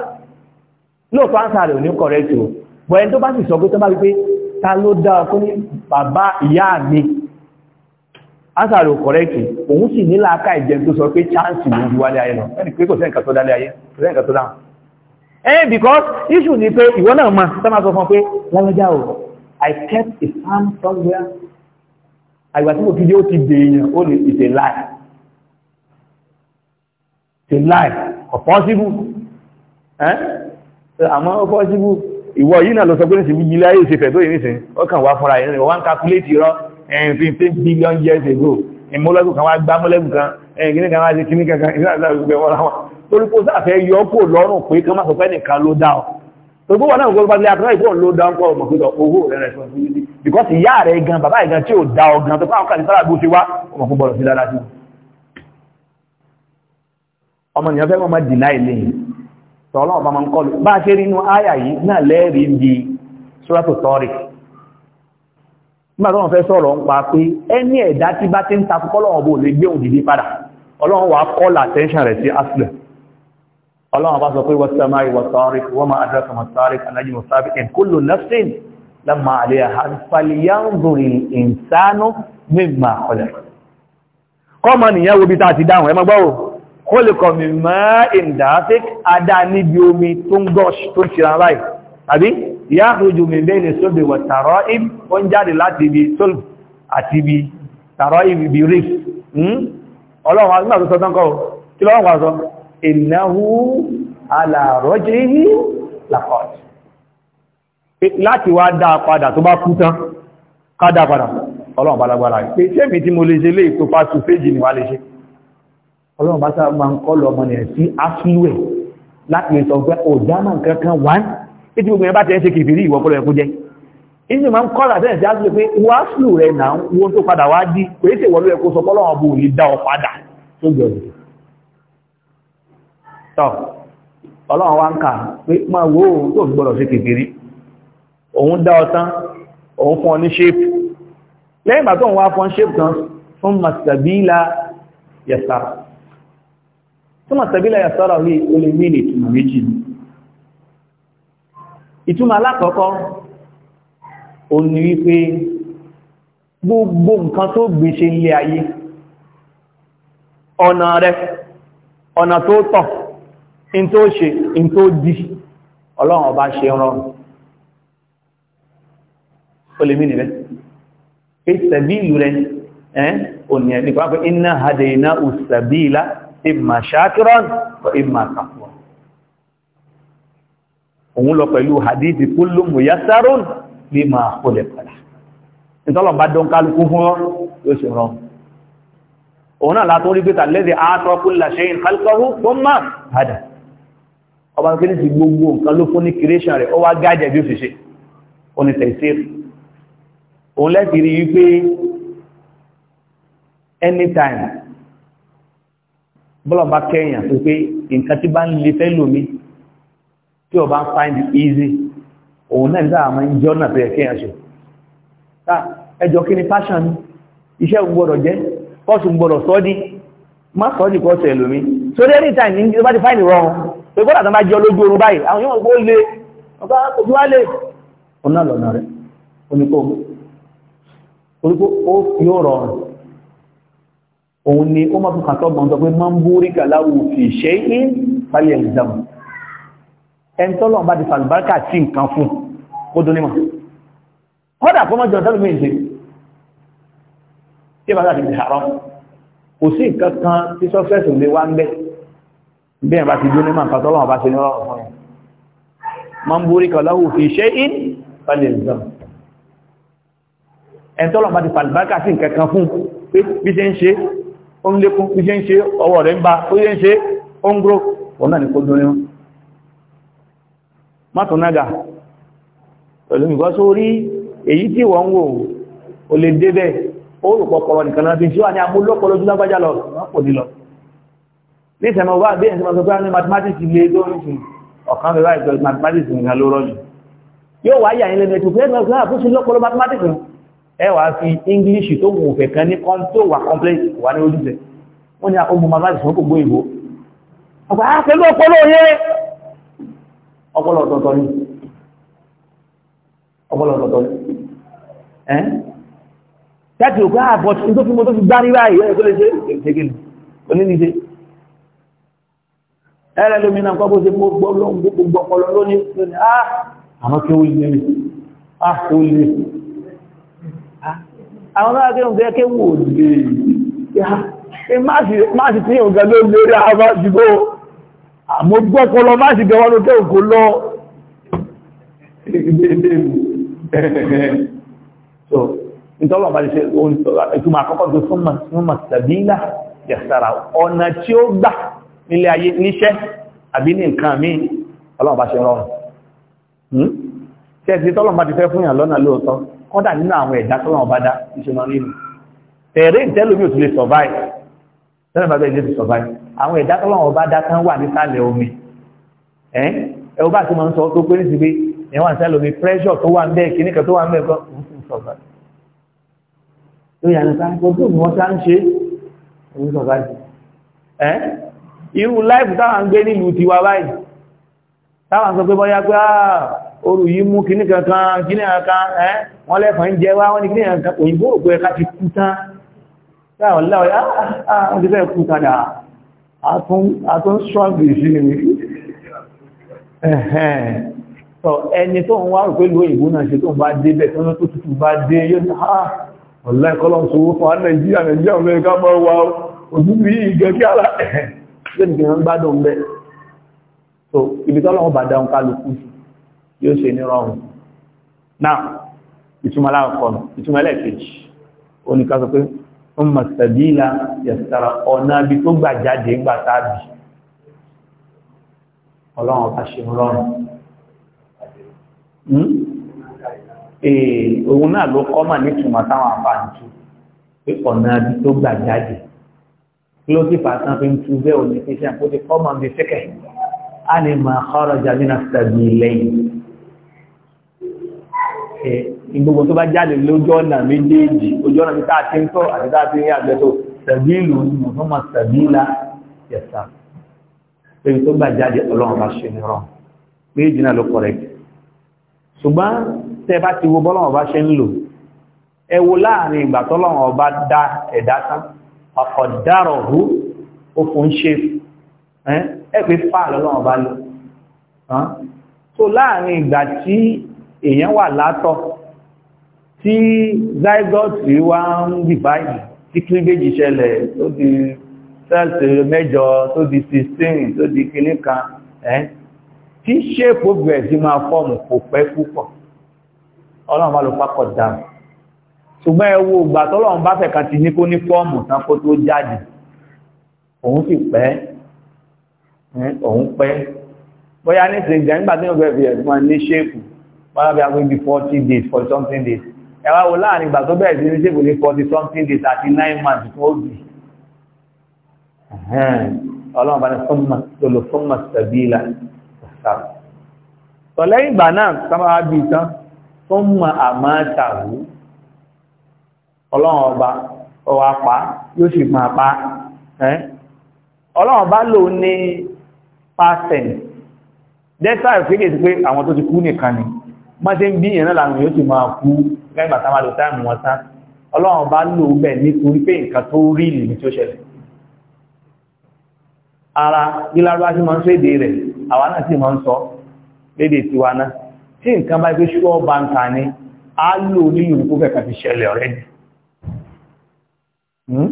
Speaker 2: lóòótọ́ ánsà rẹ̀ ò ní kọ̀rẹ́tì o bọ̀ ẹni tó bá sì sọ pé tó bá rí pé ta ló dá ọkọ́ ní bàbá ìyá mi ásàrò kọ̀rẹ́kì òun sì ní láàká ìjẹun tó sọ pé chance ló ju wálé ayé lọ ẹni pé kò sẹ́ǹkà tó dálé ayé kò sẹ́ǹkà tó dáhùn eh because issue ni pé ìwọ náà mọ̀ sọ́mà sọ fún pé lọ́lọ́já o I kept a farm somewhere àgbà tí mo fi dé ó ti dèèyàn ó lè it's a lie it's a lie or possible eh àmọ́ ó possible ìwọ yìí náà lọ sọ pé ní ṣe bí ilé ayé ìṣẹ̀fẹ̀ tó yìí nísìn ọkàn wá fúnra yìí wọ́n ń calculate irọ́ fifteen billion years ago ìmúlẹ́gùn kan wá gbá múlẹ́gùn kan kíní kan wá ṣe kíní kankan ìgbà ìgbà láwọn torí sáfẹ́ yọ lọ́rùn pé kán má sọ nìkan ló dá ọ torí náà gbọ́dọ̀ bá gan ṣe di nígbà tó wọ́n fẹ́ sọ̀rọ̀ ń pa pé ẹni ẹ̀dá tí bá ti ń takú kọ́lọ̀wọ̀n bó lè gbé òdìdí padà ọlọ́run wà kọ́lá attention rẹ̀ sí asìlẹ̀ ọlọ́run bá sọ pé was-samā'i was-sāriq wa mā adrāka mas-sāriq an-najmu as-sābiq kullu nafsin lammā 'alayhā ḥafīẓ falyanẓuri al-insānu mimmā khuliq kọ́mọ nìyẹn wo yáàrùjù mẹ́bẹ́ ilẹ̀ sóbè wà tààrọ ìbí ó ń jáde láti ibi sólù àti ibi tààrọ ibi rí hmm? ọlọ́run agbára tó sọ́tán kọ́ kí lọ́wọ́n wà sọ ìnáwó alàrọ́jẹ́ ní làkọ́ọ̀tì láti wá dá padà tó bá kú tán ká dá padà ọlọ́run bá lágbára pé sẹ́mi tí mo lè ṣe léè tó fásitì péjì ni wà lè ṣe ọlọ́run bá sáà máa ń kọ́ lọ ọmọ nìyẹn sí áfíwẹ̀ láti lè sọ pé ọ̀dá náà wáyé tí gbogbo yẹn bá tẹ́ ṣe kìfìrí ìwọ̀ pọ̀lọ̀ ẹ̀kú jẹ́ inú ma ń kọ́lá tẹ́ẹ̀ sí áṣìlẹ̀ pé wá sílù rẹ̀ náà wọ́n tó padà wá dí kò é sì wọ́n ló sọ pọ́lọ̀ ọ̀bù ní dá wo òun tó gbọ́dọ̀ ṣe kìfìrí òun dá ọ tán òun fún ọ ní ṣéèpù lẹ́yìn ìgbà tó ń wá fún ṣéèpù kan fún màsàbílà yasara fún màsàbílà ìtumọ̀ alákọ̀ọ́kọ́ ó ní wípé gbogbo nǹkan tó gbé ṣe ilé ayé ọ̀nà rẹ ọ̀nà tó tọ̀ in tó ṣe in tó di ọlọ́run ọba ṣe rọrùn ó lè mí nìrẹ́ ìsẹ̀bílù rẹ òní ẹ̀ nípa pé inna hadayna ìsẹ̀bílá imma shakiran wa imma kafur òun lọ pẹ̀lú hadithi kullu muyassarun lima khuliqa lah ìtọ́lọ̀ bá dán kálukú fún ọ́ yóò ṣe rán òun náà látọ́ rí pẹ́ta lẹ́dẹ̀ àátọ́ kulla shay'in hada ọba kí ní ti gbogbo nǹkan ló fún ní kìrẹ́ṣà rẹ̀ ó wá anytime bọ́lọ̀ bá kẹ́yìn àti pé tí o find it easy òun náà nígbà àmọ́ ń jẹ́ ọ̀nà tó yẹ kí ẹ̀ ṣe ta ẹjọ́ kí ni passion iṣẹ́ gbọ́dọ̀ jẹ́ kọ́ọ̀sì gbọ́dọ̀ sọ́ọ́dí má sọ́ọ́dí kọ́ọ̀sì ẹlòmí sórí ẹni tàì ní bá ti find wrong pé kọ́dà tó bá jẹ́ olójú oorun báyìí àwọn yóò gbó le ọba kò fi wá lè òun náà lọ́nà rẹ̀ oníkó oníkó ó fi ó rọrùn òun ni ó má fi kàtọ́ gbọ́n sọ pé máa ń búrí ẹntọ́lọ̀ bá ti fàlùbáríkà tí nǹkan fún ó dún nímọ̀ ọ́dà kọ́ mọ́ jọ̀dọ́ lómi ìṣe tí bá láti ìṣàrọ́ kò sí nǹkan kan tí sọ́fẹ́sì lè wá ń bẹ́ bí ẹ̀bá ti dún nímọ̀ pàtọ́lọ̀ bá ti nírọ̀ fún ẹ̀ mọ́ ń borí kan lọ́wọ́ fi ṣe in falẹ̀ ìzọ́ ẹntọ́lọ̀ bá ti fàlùbáríkà tí nǹkan kan fún pé bí ṣe ń ṣe ó ń lékún bí ṣe ń ṣe ọwọ́ rẹ̀ ó ń ṣe ó ń kó dún nímọ̀ mátùnága pẹ̀lú ìgbọ́ sórí èyí tí wọ́n ń wò ó lè débẹ̀ ó rò pọ̀pọ̀rọ̀ nìkan náà fi tí wà ní amúlọ́pọ̀lọ́ tó lágbájá lọ kò ní lọ ní ìsẹ̀mọ̀ wá bí ẹ̀sìn ọ̀sọ̀ ní mathematics ilé tó ń sùn ọ̀kan bẹ̀rẹ̀ ah, English tó wù fẹ̀ kan ní kan tó wà complex wà ní ojúṣe wọ́n ní àwọn ah, ọmọ mathematics ọpọlọ ọ̀tọ̀ọ̀tọ̀ ni ọpọlọ ọ̀tọ̀ọ̀tọ̀ ni ẹ́ tẹ́tì òkú àbọ̀ tí tó fi mọ́ tó fi gbá rírá ìyẹ́ ìkọ́lé ṣe ìṣègìlì oníníṣe ẹ̀rẹ́ lómi náà kọ́ bó ṣe mọ́ gbogbo ọpọlọ lónìí lónìí á ah, àmọ́ kí ó lè mi á kó lè àwọn náà kí ó fẹ́ ah, kí wò lè má sì tí ìhùn gan ló lórí àwọn àdúgbò àmọ́ gbọ́kọ́ lọ máa sì gẹwà lókè òkú lọ so ìtọ́lọ̀ bá ṣe ìtumọ̀ àkọ́kọ́ tó súnmọ̀ sàbílá yàsàrà ọ̀nà tí ó gbà nílé ayé níṣẹ́ àbí ní nǹkan mí ọlọ́run bá ṣe rọrùn hmm? tẹ́ẹ̀sì tọ́lọ̀ bá ti fẹ́ fún yàn lọ́nà lóòótọ́ kọ́dà nínú àwọn ẹ̀dá tọ́lọ̀ bá dá ìṣẹ́mọ̀ tẹ́lẹ̀ bá bẹ́ẹ̀ ní ti survive àwọn ẹ̀dá tó ọba bá dá omi ẹ̀ ọba bá ti sọ tó pé níṣìí pé ẹ̀ wà omi pressure tó wà ń bẹ́ẹ̀ kíníkà tó wà ń bẹ́ẹ̀ kọ́ ń survive ló yà nípa ni wọ́n ṣá ń ṣe survive ẹ̀ irú táwọn ń gbé nílùú tiwa báyìí táwọn sọ pé bọ́yá pé ah, láwọn láwọn àwọn ti fẹ́ kú padà àtún ṣọ́gbì sí ni ẹni tó ń wá rò pé lóyìn ìbúnà ṣe tó ń bá dé bẹ̀ tó ń tó tútù bá dé yóò ní àà ọ̀lá ìkọlọ̀ ṣòwò fún àwọn nàìjíríà nàìjíríà amẹ́ríkà mọ́ wa òjúbí ìgẹ́ kí ara yóò nìkan ń gbádùn bẹ́ so ibi tọ́lọ́ wọn bá dáhùn kálukú yóò ṣe ní ọmọ sàbílà yẹ̀sára ọ̀nà bí tó gbà jáde gbà tábì ọlọ́run ọba ṣe rọrùn hmm? òun náà ló kọ́ mà nítumọ̀ táwọn àfàǹtù pé ọ̀nà bí tó gbà jáde ló sì fàtán fi ń tú bẹ́ẹ̀ òní fi ṣe àpótí kọ́ bí fẹ́kẹ̀ á ní mà kọ́rọ̀ jàmínà sàbílẹ̀yìn ẹ̀ ìgbogbo tó bá jáde lójú ọ̀nà méjèèjì ojú ọ̀nà títà tí ń tọ́ àti títà tí ń yà gbẹ́tọ̀ sàbílù mùsùlùmọ̀ sàbílà yẹ̀sà pé tó gbà jáde ọlọ́run bá ṣe nìrọ̀ méjì náà ló correct ṣùgbọ́n tẹ́ bá ti wo bọ́lọ́run bá ṣe ń lò ẹ wo láàrin ìgbà tọ́lọ́run ọba dá so láàrin ìgbà tí èèyàn wà látọ̀ tí zygote wá ń dìbáyìí tí cleavage ṣẹlẹ̀ tó di sẹ́ẹ̀sì mẹ́jọ tó di 16 tó di kìíní kan ẹ́ tí ṣéèpù bẹ̀rẹ̀ sí máa fọ́ọ̀mù kò pẹ́ púpọ̀ ọlọ́run bá ló pápọ̀ dáa ṣùgbọ́n ẹ wo ìgbà tọ́lọ́run bá fẹ̀ka ti ní kó ní fọ́ọ̀mù tán kó tó jáde òun sì pẹ́ òun pẹ́ bóyá nísìnyí gbà nígbà tí wọ́n fẹ́ fi ẹ̀sùn máa ní ṣéèpù wọ́n á bí agbé bí forty days forty something days ẹ wá wo láàrin ìgbà tó bẹ̀rẹ̀ sí ní ṣègùn ní forty something days àti nine months tó bì ọlọ́run bá ní súnmọ́ tòlò súnmọ́ sàbílà sàbí tọ̀lẹ́yìn ìgbà náà sábà wá bí tán súnmọ́ àmọ́ tàwó ọlọ́run ọba ọwà pa yóò sì máa pa ọlọ́run bá lò ní past tense dẹ́sà ìfẹ́kẹ̀ẹ́ sí pé àwọn tó ti kú nìkan ni máa ṣe ń bí ìyẹn náà làwọn yóò ti máa kú lẹ́gbà tá máa lò táìmù wọn tán ọlọ́run bá lò bẹ̀ nítorí pé nǹkan tó rí ìlú tí ó ṣẹlẹ̀ ara gíláàrúwá sí máa ń sọ èdè rẹ̀ àwa náà sì máa ń sọ lédè tiwa náà tí nǹkan bá gbé ṣọ́ báńkà ni a lò ní ìrùkú fẹ́ kàfi ṣẹlẹ̀ ọ̀rẹ́ hmm?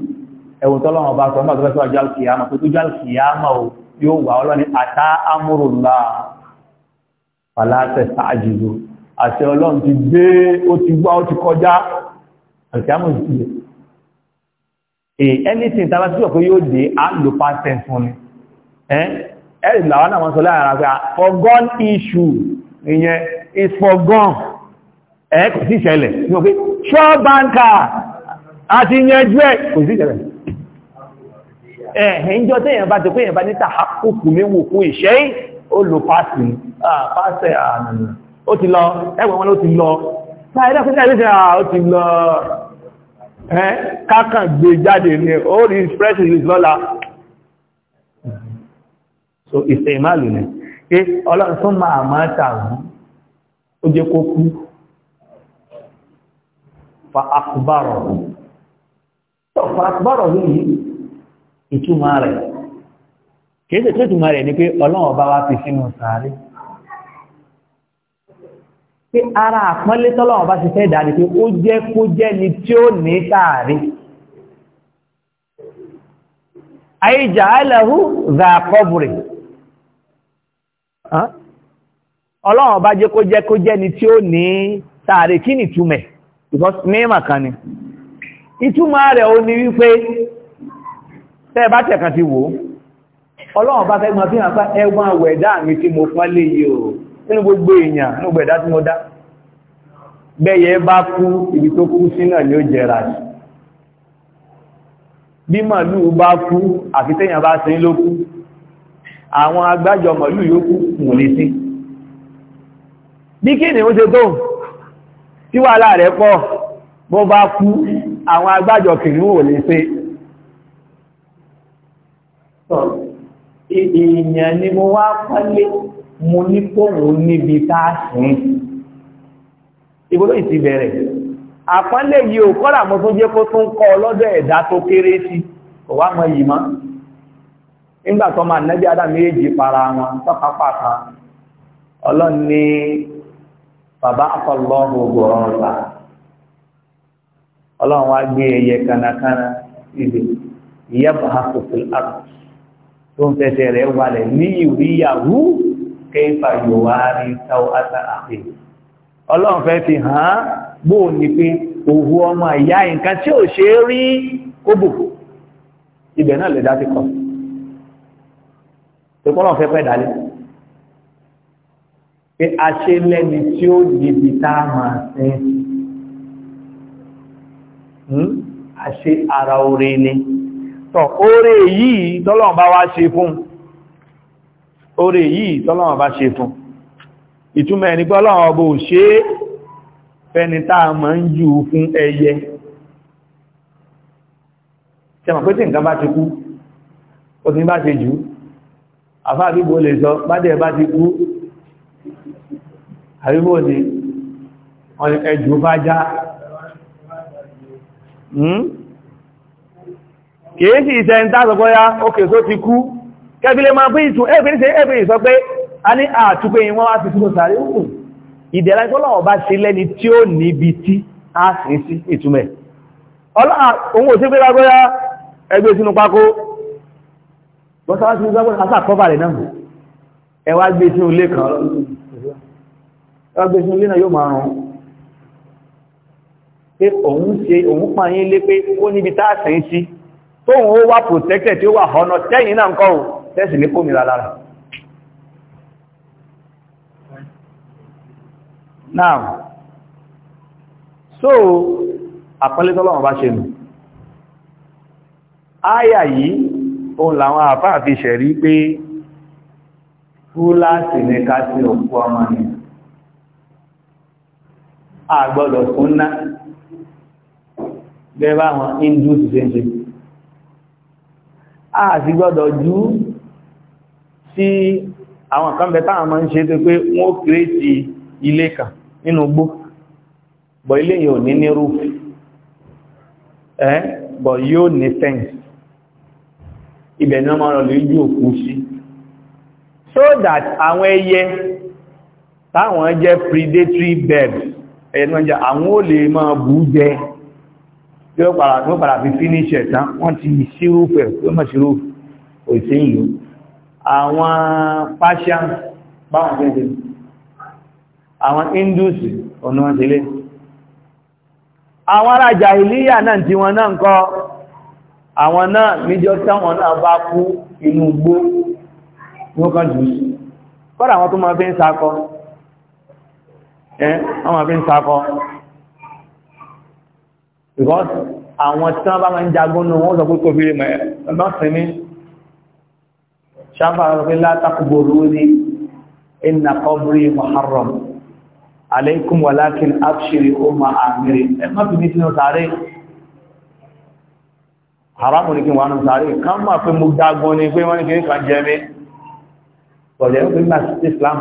Speaker 2: ẹ̀wọ̀n tọ́lọ́run bá sọ nígbà tó fẹ́ sọ jálùkìyàmà tó tó jálùkìyàmà o yóò wà ọlọ́ni àtà amúrùlá fàlàtẹ̀ sáàjùlù àṣẹ ọlọ́run ti gbé ó ti wá ó ti kọjá àṣíyàmù ìsìlẹ̀ èyí anything tàbí sí ọ̀pẹ́ yóò dé á lò past tense fún ni ẹ̀rì làwọn náà wọ́n sọ láàrín pé ah, forgone issue ìyẹn is forgone ẹ̀ kò sí ìṣẹ̀lẹ̀ ní ọ̀pẹ́ sure banker àti ìyẹn jẹ́ kò sí ìṣẹ̀lẹ̀ ẹ̀hìn jọ tẹ́yàn bá ti pé èyàn bá ní tàhákùkù méwòkú ìṣẹ́ ó lò past ni ah past ẹ̀ àmì ah, ó ti lọ ẹgbẹ̀ wọn ló ti lọ ṣáàrẹ́ fún ẹgbẹ́ ṣe ó ti lọ ẹ́ kákàn gbé jáde ní ó rí fresh release lọ́la so ìfẹ́ ìmáàlù ní pé ọlọ́run tún máa máa tààrù ó jẹ́ kó kú fa akùbárọ̀ tó fa akùbárọ̀ yìí ìtumọ̀ rẹ̀ kìí ṣe tó pé ara àpọ́nlé tọ́lọ́wọ́ bá ti fẹ́ dà pé ó jẹ́ kó jẹ́ ni tí ó ní sáàrí àìjà aláhù zàkọ́bùrì ọlọ́wọ́ bá jẹ́ kó jẹ́ kó jẹ́ ni tí ó ní sáàrí kí ni túmẹ̀ mímọ̀ kan ni ìtumọ̀ rẹ̀ ó ní wípé tẹ́ bá tẹ̀kan ti wò ọlọ́wọ́ bá fẹ́ mọ́ fíhàn pá ẹgbọ́n àwẹ̀dá mi tí mo pọ́nlé yìí nínú gbogbo èèyàn nínú gbogbo ẹ̀dá tí mo dá bẹ́yẹ bá kú ibi tó kú sí náà ni ó jẹrà sí bí màálù bá kú àfi téèyàn bá sin ló kú àwọn agbájọ màálù yókù mò lè sí bí kí ni ó ṣe tó tí wàhálà rẹ̀ pọ̀ bó bá kú àwọn agbájọ kìrìún ò lè sí èèyàn ni mo wá pálé mo ní pòun níbi táàsìn ìgbóló ìsì bẹ̀rẹ̀ àpọ́nlé yìí ò kọ́rà mọ́ tó jẹ́ kó tún kọ́ ọlọ́dọ̀ ẹ̀dá tó kéré sí kò wá mọ́ yìí mọ́ nígbà tó máa nẹ́bí adá méjì para wọn tọ́ka pàtà bàbá àkọlọ́hùn ògbòrán ọ̀la kéfà yòwá rí táwọn àtà àpè ọlọ́run fẹ́ fi hàn án bó o ní pé òhu ọmọ ìyá nǹkan tí ò ṣe é rí kóbò ibẹ̀ náà lè dá ti kọ́ tó kọ́ lọ́n fẹ́ pẹ́ dálé pé a ṣe lẹ́ni tí ó dìbì tá a hmm? a ṣe ara oore ni tọ́ oore yìí tọ́lọ́run bá wá ṣe fún un orí yìí tọ́lọ́wọ̀n bá ṣe fún ìtumọ̀ ẹni pé Ọlọ́run ọbọ̀ ṣe fẹ́ni táà mọ̀ ń jù fún ẹyẹ tí a mọ̀ pé tí nǹkan bá ti kú ó ti bá ṣe jù àfáà bíbò lè sọ bá dẹ̀ bá ti kú àríwò ni ẹjù bá já hmm? kìí sí ìṣẹ́ ya ókè tó ti kú kẹbílẹ̀ máa bí ìtún ẹbìnrin sí ẹbìnrin sọ pé a ní àtúgbé wọn wá ti túnbọ̀ sàárẹ̀ òkú ìdẹ̀lá ìtọ́lọ̀wọ̀ bá ṣe lẹ́ni tí ó níbi tí a sì sí ìtumẹ̀ ohun ò sí pé lágbóyá ẹgbẹ́ sínú pákó pé òun ṣe òun pààyín lé pé ó níbi táàsìn sí tóhun ó wà protected tí ó wà ọ̀nà tẹ́yìn náà ń kọrùn tẹ́sì ní kòmìnira lára now so àpẹẹlẹ́tọ́lọ́wọ́n bá ṣe nù áyà yìí òun làwọn àfáà fi ṣẹ̀rí pé fúláàsì ní ká sí òkú ọmọ ni a gbọ́dọ̀ fún ná bẹ́ẹ̀ bá wọn indus ṣe ṣe a sì gbọ́dọ̀ jù tí àwọn kan bẹ táwọn máa ń ṣe tó pé wọ́n kìrìtì ilé kan nínú gbó bọ̀ ilé yóò ní ní roof ẹ́ bọ̀ yóò ní fence ibẹ̀ ní ọmọ ọ̀rọ̀ òkú so that àwọn ẹyẹ táwọn jẹ́ predatory birds ẹ̀yẹ náà jẹ́ àwọn ó lè máa bú jẹ tí ó padà fi finish ẹ̀ tán wọ́n ti sí roof ẹ̀ tó mọ̀ sí roof òsìn yìí àwọn fashion, báwọn gẹ́gẹ́ àwọn Hindus ọ̀nà wọn sílé àwọn ará jahiliya náà tí wọn náà ń kọ́ àwọn náà níjọ́ táwọn náà bá kú inú gbó wọ́n kan jù sí kọ́dà àwọn tó máa fi ń sakọ ẹ́ wọ́n máa fi ń sakọ because àwọn tí wọ́n bá ń jagún náà wọ́n sọ pé kò fi lè mọ̀ ẹ̀ ṣáfà rẹ̀ látàkùgbòrò ní iná kọbrí muharram alaikum walakin abṣiri o ma amiri ẹ má fi ní sínú sáré haramu ní kí wọ́n nù sáré kan máa pé mú dágbọ́n ní pé wọ́n ní kí kan jẹ mí pọ̀lẹ̀ ó pé má sí islam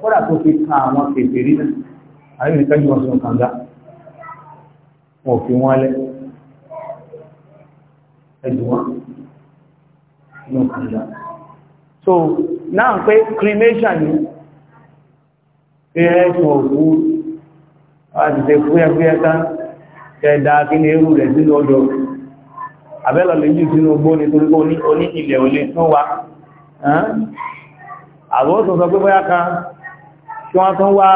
Speaker 2: kódà tó fi ka àwọn pèsè rí náà àwọn ènìyàn wọn sínú kànga wọn ò fi wọn so náà pé cremation ni
Speaker 1: fíẹ́ sọ òkú
Speaker 2: àtìsẹ́ fúyẹ́fúyẹ́ tán tẹ́ẹ̀dá kí ní eérú rẹ̀ sínú ọjọ́ àbẹ́lọ̀ lè sínú ní àwọn kí wọ́n tún wá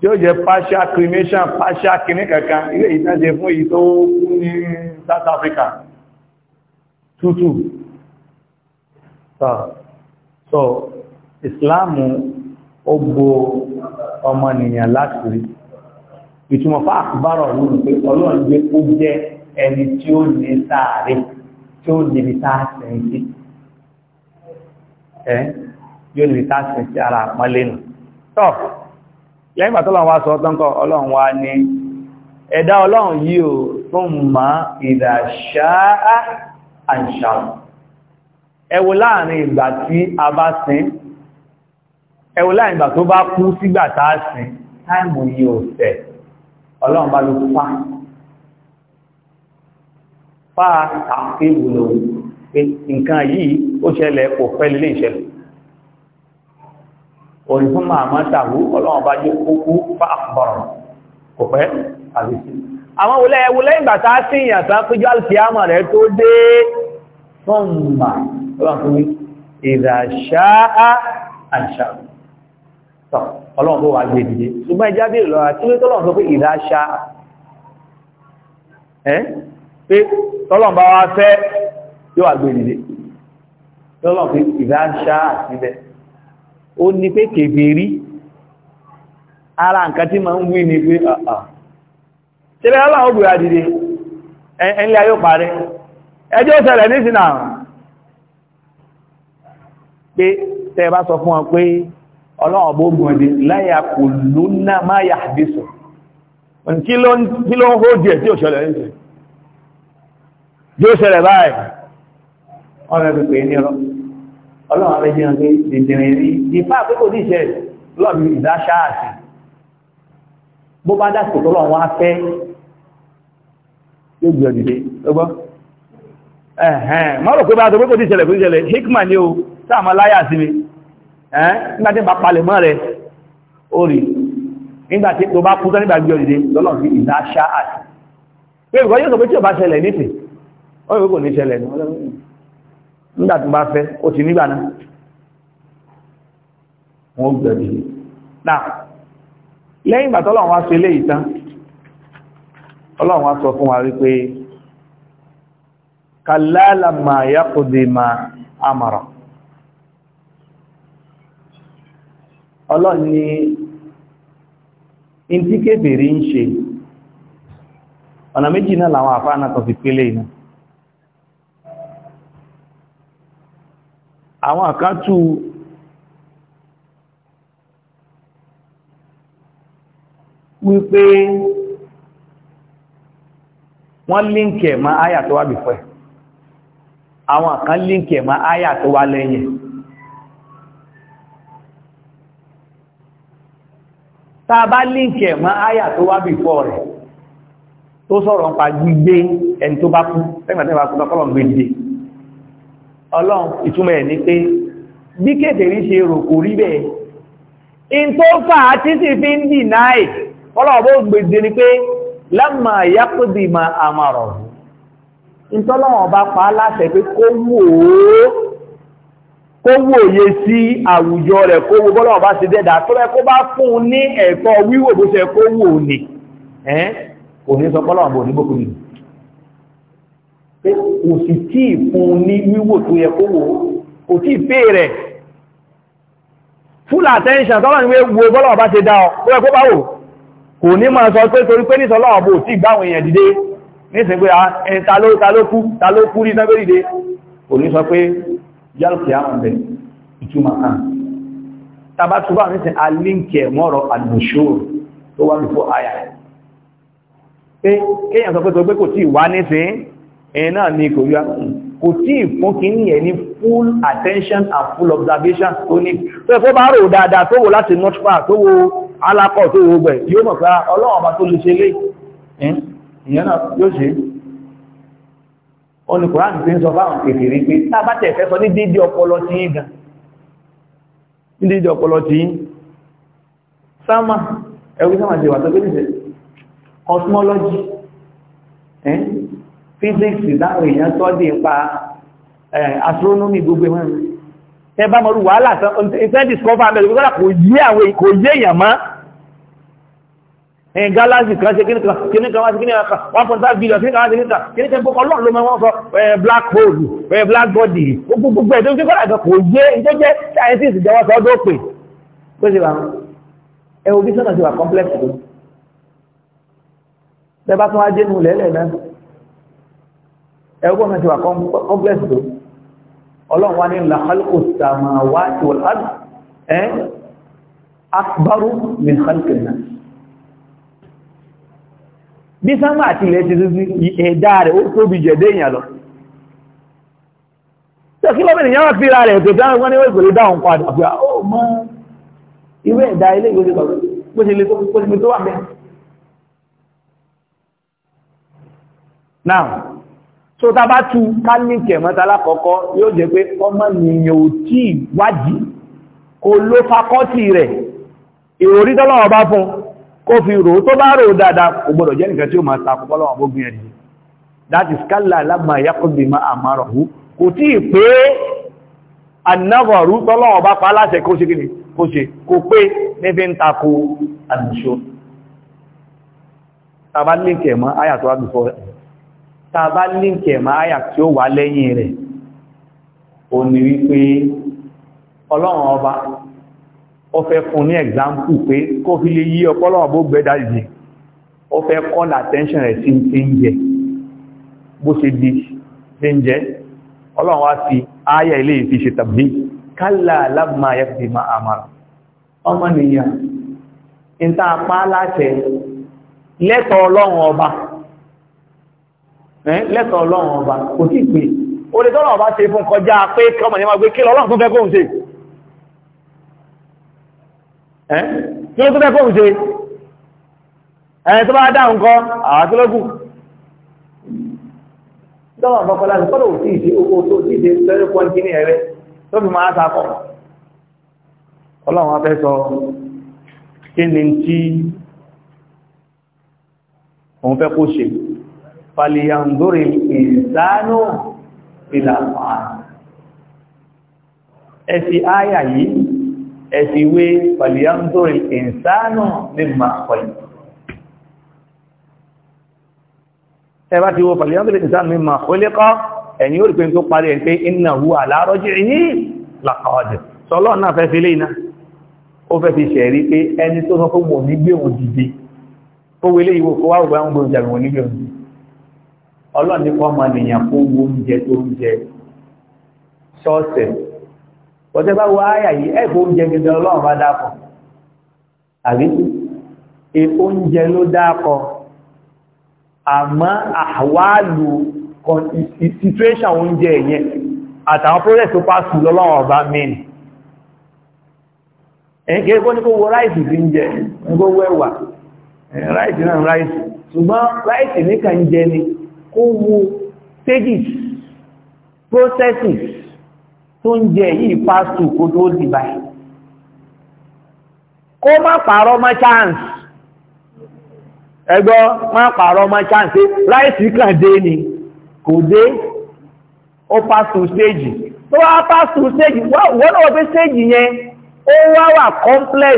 Speaker 2: tí ó jẹ partial cremation partial kìní kankan ilé ìtànjẹ fún èyí tó kú ní South Africa tútù so Islamu ó bo ọmọnìyàn láti rí ìtumọ̀ fún àkùbárọ̀ lórí pé ọlọ́run gbé ó jẹ́ ẹni tí ó ní sáàrí tí ó níbi tá a sẹ́yìn yóò níbi táàsì sí ara àpọ́nlé nù tọ́ lẹ́yìn ìgbà tọ́lọ́run wá sọ tọ́ńkọ́ ọlọ́run wá ní ẹ̀dá ọlọ́run yìí ò tó mọ ìdàṣáá àṣàrò ẹwò láàrin ìgbà tí a bá sin ẹwò láàrin ìgbà tó bá kú sígbà tá a sin táìmù yìí ò tẹ̀ ọlọ́run bá ló fà fà tàkébù lòun pé nǹkan yìí ó ṣẹlẹ̀ kò pẹ́ lé ìṣẹ̀lẹ̀ òyìnbó máa máa tàwó ọlọ́wọ́n bá jẹ́ kókó bá àkùbọ̀rọ̀ kò pẹ́ àbísí àwọn wulẹ̀ wulẹ̀ ìgbà tá a sì yàn tán péjọ alìkìyàmọ̀ rẹ̀ tó dé sọ́mà ọlọ́run ìdàṣáà àṣà tọ́ ọlọ́run bó wà gbé dìde ṣùgbọ́n ẹjá bí ìlọ́ra tí wọ́n tọ́lọ́run sọ pé ìdàṣáà ẹ́ pé tọ́lọ́run bá wá fẹ́ yóò wà ó ní pé ara nǹkan tí ma ń wí ni pé àà ala ọlá ó bùrá dìde ẹnlẹ́ ayó parẹ́ ẹjọ́ ṣẹlẹ̀ nísìnà pé tẹ́ bá sọ fún wọn pé ọlọ́wọ̀n bó gùn ẹ̀dẹ̀ láyà kò lónà máa yà àdísọ̀ kí ló ń hó díẹ̀ tí ò ṣẹlẹ̀ nísìn yóò báyìí ọ̀rẹ́ ọlọ́run abẹ́ jẹun pé dìndìnrín rí ní fáà pé kò ní ìṣẹ́ lọ́bí ìdáṣáàtì bó bá dásìkò tó lọ́run wá fẹ́ yóò gbé ọdìdé lọ́gbọ́ ẹ̀hẹ́n mọ́rọ̀ pé bá tó pé kò ní ìṣẹ̀lẹ̀ kò ní ìṣẹ̀lẹ̀ hikman ni o sáàmà láyà sí mi ẹ́n nígbà tí bá palẹ̀ mọ́ rẹ̀ ó rí nígbà tí tó bá kú tán nígbà gbé ọdìdé lọ́lọ́run fi ìdáṣáàtì pé ìwọ nígbà otu bá fẹ́ ó ti nígbà náà
Speaker 1: wọ́n gbẹ̀rẹ̀
Speaker 2: náà lẹ́yìn ìgbà wá ṣe wá sọ fún wípé kàlálà ma yaqdi ma amara ọlọ́run ni in tí kébèrè ń ṣe ọ̀nà méjì náà làwọn àfáà náà kan fi pélé àwọn àkátù wípé wọ́n líǹkì ẹ̀ ma áyà tó wà bìfọ́ ẹ̀ àwọn kan líǹkì ẹ̀ ma áyà tó wà lẹ́yìn tá a bá líǹkì ẹ̀ ma áyà tó wà bìfọ́ rẹ̀ tó sọ̀rọ̀ nípa gbígbé ẹni tó bá kú ẹgbẹ̀tẹ́ bá kú lọ́kọ́lọ̀ gbé dìde ọlọ́run ìtumọ̀ ẹ̀ ní pé bí kèfèrí ṣe rò kò rí bẹ́ẹ̀ in tó fà á tí sì fi ń dì náà ọlọ́ọ̀bọ̀ gbèdè ni pé lámà yápòdì ma àmàrọ̀ ìtọ́lọ́wọ̀n bá pa á láṣẹ pé kó wòye sí àwùjọ rẹ̀ kó wo bọ́lọ́wọ̀n bá ṣe dẹ́dà tó rẹ kó bá fún ní ẹ̀kọ́ wíwò bó ṣe kó wò ní ẹ́ kò ní sọ bọ́lọ́wọ̀n ní gbókùnrin pé kò sì tí ìfún ní wíwò tó yẹ kó wò kò tí ìpé rẹ̀ full attention tọ́lọ̀ ní wo bọ́lọ̀ bá ṣe dá ọ tó yẹ kó bá wò kò ní máa sọ pé torí pé ní sọlọ́wọ́ bò tí ìgbáwọn èèyàn dìde nísìn pé ah, ẹni ta ló ta ló kú ta ló kú rí sábẹ́ dìde kò ní sọ pé yálùkì àwọn bẹ̀ ìtumọ̀ kan tàbá túbọ̀ nísìn alíǹkẹ̀ mọ́rọ̀ àdùnṣòro tó wá bí fún àyà pé kéèyàn sọ pé torí pé kò tí ìwá nísìn ẹ̀yìn náà ní kò yá kò tí ìfún ní ẹ̀ full attention and full observation tó ní tó ẹ̀fọ́ bá rò dáadáa tó wò láti north park tó wo alákọ̀ tó wo gbẹ̀ yóò mọ̀ pé ah, ọlọ́wọ́n bá tó lè ṣe lé ìyẹn náà yóò ṣe olùkùnrin fi ń sọ fáwọn kèfèrí pé físíksì dáwọn èèyàn tọ́dì pa astronomy gbogbo wọn ẹ bá mọ̀rú wàhálà ìfẹ́ discover amẹ́lẹ̀ gbogbo kò yé àwọn kò yé èèyàn mọ́ ẹ̀yìn galaxy kan ṣe kíníkan kíníkan wá sí kíníkan kan one point five billion kíníkan wá sí kíníkan kíníkan gbogbo ọlọ́run ló mọ wọn sọ black hole black body gbogbo ẹ̀ tó ń ṣe kọ́ra kan kò yé tó jẹ́ sciences ìjọba sọ ọdún òpè tó ṣe wà ẹ wo bí sọ́nà ṣe wà complex tó bẹ́ẹ̀ bá tún wá dé nù lẹ́lẹ̀ náà ẹgbọ́n mi ti wà complex tó ọlọ́run wá ní làkàlùkù sàmàwá tí wọ́n á ẹ́ akbaru min khalqina bí sánmà àti ilẹ̀ ti tuntun ẹ̀dá rẹ̀ ó tóbi jẹ̀dẹ́ èèyàn lọ tó kí lọ́bìnrin yáwà fi ra rẹ̀ tó tí wọ́n ní ó ìkòlé dáhùn padà pé ó so ta bá tú ká ní kẹ̀mọ́ta lákọ̀ọ́kọ́ yóò jẹ́ pé ọmọ nìyàn ò tí wádìí kò ló fakọ́tì rẹ̀ ìròrí tọ́lọ́wọ́ bá fún kó fi rò tó bá rò dáadáa kò gbọ́dọ̀ jẹ́ nìkan tí ó máa takọ̀ pọ́lọ́wọ́ bó gbìyànjú that is kálà lámà yakobi ma àmàrọ̀hú kò tí ì tàbá líǹkẹ̀ máa yà tí ó wà lẹ́yìn rẹ̀ o ní wípé ọlọ́run ọba ó fẹ́ fún ní ẹ̀gbáǹkù pé kó fi lè yí ọpọlọ́run bó gbẹ́dà jì ó fẹ́ call attention rẹ̀ sí ti ń jẹ bó ṣe di ṣe ń jẹ ọlọ́run wá fi ááyà ilé ìfi ṣe tàbí kálà lábùmá ayẹ́ fi máa àmàrà ọmọnìyàn ń ta apá láṣẹ lẹ́tọ̀ọ́ ọlọ́run ọba lẹ́tọ̀ ọlọ́run ọba kò sí pé o lè tọ́lọ̀ ọba ṣe fún kọjá pé kọmọ ní ma gbé kí lọ́lọ́run tún fẹ́ kóhun ṣe kí ló tún fẹ́ kóhun ṣe ẹni tó bá dá nǹkan àwátílógún tọ́lọ̀ ọba kọlá tọ́lọ̀ òtí ìṣe owó tó ti ṣe tẹ́lẹ̀ pọ́n kí ní ẹ̀rẹ́ tó fi máa sakọ̀ ọlọ́run afẹ́ sọ kí ni tí òun fẹ́ kó ṣe fàlìyàndórí ìsánú ìlàpá ẹ̀sì áyà yìí ẹ̀sì wé fàlìyàndórí ìsánú ní màkọ̀lì ẹbá ti wo fàlìyàndórí ìsánú ní màkọ̀lì kọ́ ẹ̀yìn orí pé tó parí ẹ̀ pé iná hu àlárọ́jì yìí làkọ̀ọ̀dẹ̀ sọlọ́ náà fẹ́ fi lé iná ó fẹ́ fi ṣẹ̀rí pé ẹni tó sọ fún mọ̀ nígbé òun dìde kó wọlé ìwò kó wá ògbà ń gbòrò jàgbọ̀n nígbé òun dìde ọlọ́run ní kọ́ máa nìyàn fún oúnjẹ tó ń jẹ ṣọ́ọ̀ṣẹ̀ ọ̀tẹ́ bá wọ àyà yìí ẹ̀kọ́ oúnjẹ gẹ́gẹ́ ọlọ́run bá dákọ̀ àbí oúnjẹ ló dákọ̀ àmọ́ àwálù situation oúnjẹ yẹn àtàwọn process tó pass through lọ́lọ́run ọba main ẹ̀kẹ́ kọ́ ní kó wọ ráìsì fi ń jẹ ní kó wọ ẹ̀wà ráìsì náà ráìsì ṣùgbọ́n ráìsì níkan jẹ ni kó wo stages processes tó ń jẹ yìí pásítù kó tó di báyìí kó má pààrọ̀ mọ́ chance ẹgbọ́ má pààrọ̀ chance láìsí dé ni kò dé ó tó wá wọ́n wà complex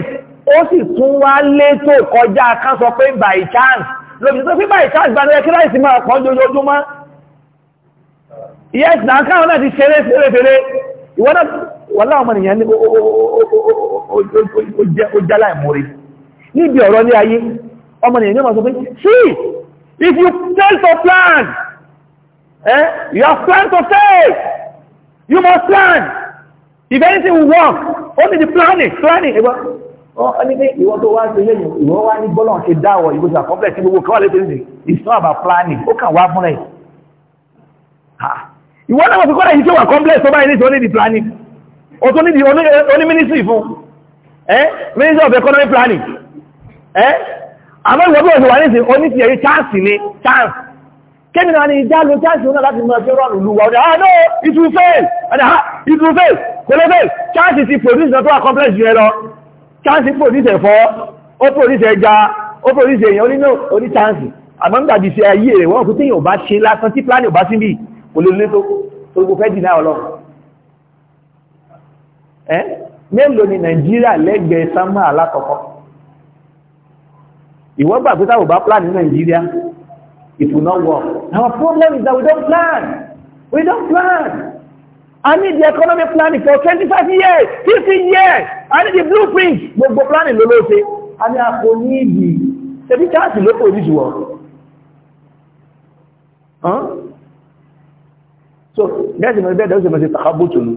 Speaker 2: ó sì tún wá kọjá by chance lóbi tó pípa ìta ìgbàlẹ̀ kí láìsí máa pọ̀ lójoojúmọ́ yes na káwọn náà ti ṣeré ṣeré fèrè ìwọ́n náà wọ́n láwọn ọmọ nìyàn ní ó jálá ìmúrí níbi ọ̀rọ̀ ní ayé ọmọ nìyàn ní ọmọ sọ pé see if you fail to plan eh, you have plan to fail you must plan if anything will work only the planning planning ọ̀ní pé ìwọ tó wá sí lẹ́yìn ìwọ wá ní bọ́lọ̀ ṣe dáwọ̀ ìgbóṣù àkọ́bẹ̀ tí gbogbo kọ́wà lẹ́tẹ̀ẹ́ nìyí it's not about planning ó kàn wá fún rẹ̀ ìwọ náà fi kọ́lẹ̀ yìí tí wà complex tó báyìí nítorí ní planning ó tó nídìí oní ministry fún eh Minister of economic planning eh àmọ́ ìwọ bí wọ́n wà nísìn oní ti ẹ̀rí chance ni chance kẹ́mi náà ni ìjà chance náà láti mọ ẹgbẹ́ rọrùn lu wa ọ̀dà ah no it will fail ah, it will fail kò lè fail chance ti produce náà tó wà complex yẹn chance produce ẹ̀fọ́ ó produce ẹja ó produce èèyàn onínú oní chance àmọ́ǹdàbí ṣe ayé rẹ̀ wọ́n kú tí yóò bá ṣe lásán tí plan ò bá síbí kò lè létó gbogbo fẹ́ dìná ọlọ́run ẹ́ mélòó ni nàìjíríà lẹ́gbẹ̀ẹ́ sánmà alákọ̀ọ́kọ́ ìwọ́n gbà pé táwọn bá plan ní Nigeria? it will not work our problem is that we don't plan we don't plan I need the economic planning for 25 years, 50 years. I need the blueprint. Gbogbo planning ló ló ṣe. A ní àpò ní ìdí. Ṣebí chance ló pò ní jùwọ́. So, bẹ́ẹ̀sì mọ̀ bẹ́ẹ̀dẹ̀ ó ṣe mọ̀ sí tàbátù ní.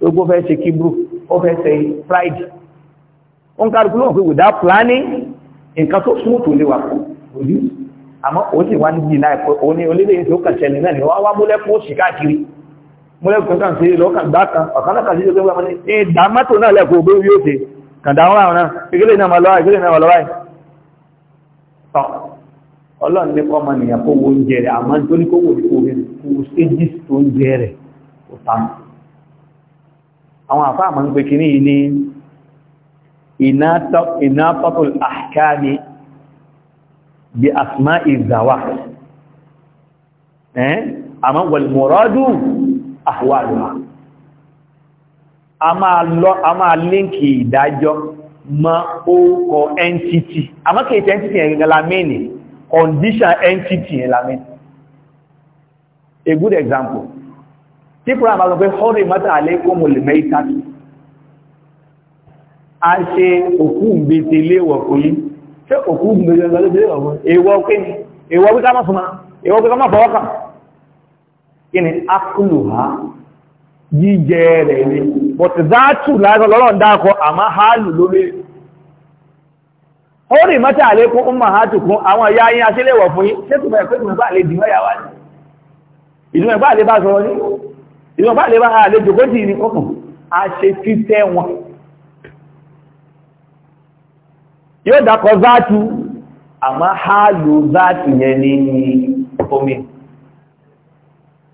Speaker 2: Gbogbo fẹ́ ṣe kíbrú, ó fẹ́ ṣe pride. Ó ń kárùkú lóhùn pé without planning, nǹkan tó smooth lè wà fún òdí. Àmọ́ ó sì wá ní bí náà, òun ni olédè yìí tó kàn ṣẹlẹ̀ náà ni wọ́n wá múlẹ̀ fún òṣì káàkiri mọ́lẹ́kùn kan sí lọ́kàn gbá kan ọ̀kánlọ́kà sí ọjọ́ ìgbàmọ́ ní ìdámátò náà lẹ́kùn ògbé yóò ṣe kàndáwọn àwọn náà ìgbélé náà lọ́wọ́ ìgbélé náà lọ́wọ́ tọ́ ọlọ́run ní kọ́mọ nìyàn kó wo oúnjẹ rẹ̀ àmọ́ tó ní kó wò ní orin kó stages bí asmá ìzàwà àmọ́ wal muradu àwàlùmá a máa líǹkì ìdájọ́ mọ́ ókọ entity àmọ́kèèkì entity ẹ̀rẹ̀ lamẹ́ni condition entity ẹ̀rẹ̀ lamẹ́ni a good example tí kúrò àmà gbogbo ọ̀rẹ́ mọ́ta àlékún mọ̀ lè mẹ́ta tí a ṣe òkú gbèsè léwọ̀ fún yí ṣe òkú gbèsè léwọ̀ fún èwọ̀ pé ká má fún ma èwọ̀ pé ká má fọwọ́kàn kíni akùlùhá jíjẹ rẹ̀ ni but zaatu láàrín ọlọ́rọ̀ dákọ̀ àmá hálù lórí ó rí mọ́ta àlékún ọmọ àtùkún àwọn ìyá yín asílẹ̀wọ̀ fún yín sẹ́kùnmọ̀ ẹ̀kọ́ ìgbìmọ̀gbà lè dìmọ́ yà wá ní ìdìmọ̀gbà lè bá sọ̀rọ̀ ní ìdìmọ̀gbà lè bá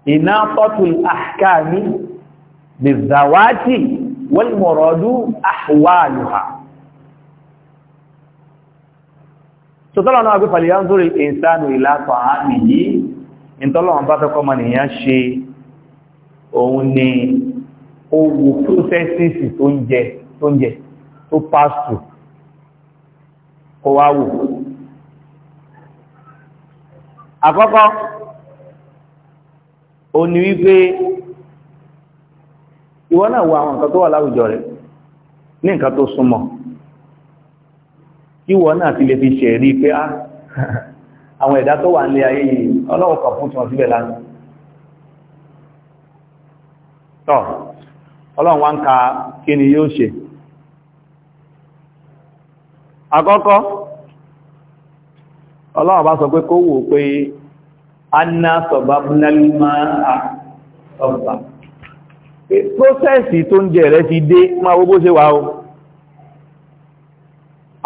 Speaker 2: إناطة الأحكام بالذوات والمراد أحوالها sọtọ́lọ̀ náà gbífà lè yánzórí ìsánù ìlàtọ̀ àmì yìí ìtọ́lọ̀wọ̀n bá fẹ́kọ́ ma nìyàn ṣe òun ni owó processes tó ń jẹ tó ń jẹ tó pass through kọwàá wò ó ní wípé ìwọ náà wo àwọn nǹkan tó wà láwùjọ rẹ ní nǹkan tó náà ti lè fi ṣẹ̀rí pé á ah, *laughs* àwọn ẹ̀dá tó wà nílé ayé yìí fún tí síbẹ̀ lánàá tọ́ wá ń ka kí anna sọ̀bábúnálímá ọ̀pá. Prọ́sẹ̀sì tó ń jẹ rẹ̀ ti dé máa wó bó ṣe wà ó.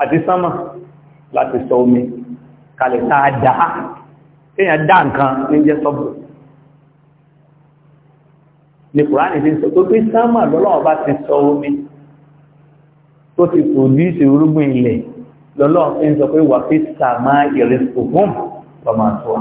Speaker 2: Àti sánmà láti sọ omi, kalẹ̀ táa dá, èyàn dá nǹkan ní jẹ́ sọ́bù. Ní Kùránì ti sọ tó pé sánmà lọ́lọ́wọ́ bá ti sọ omi tó ti tò ní ìṣèrúgbìn ilẹ̀ lọ́lọ́wọ́ fi sọ pé wà fi sàmá ìrẹsùn fún ọmọ àtúwà.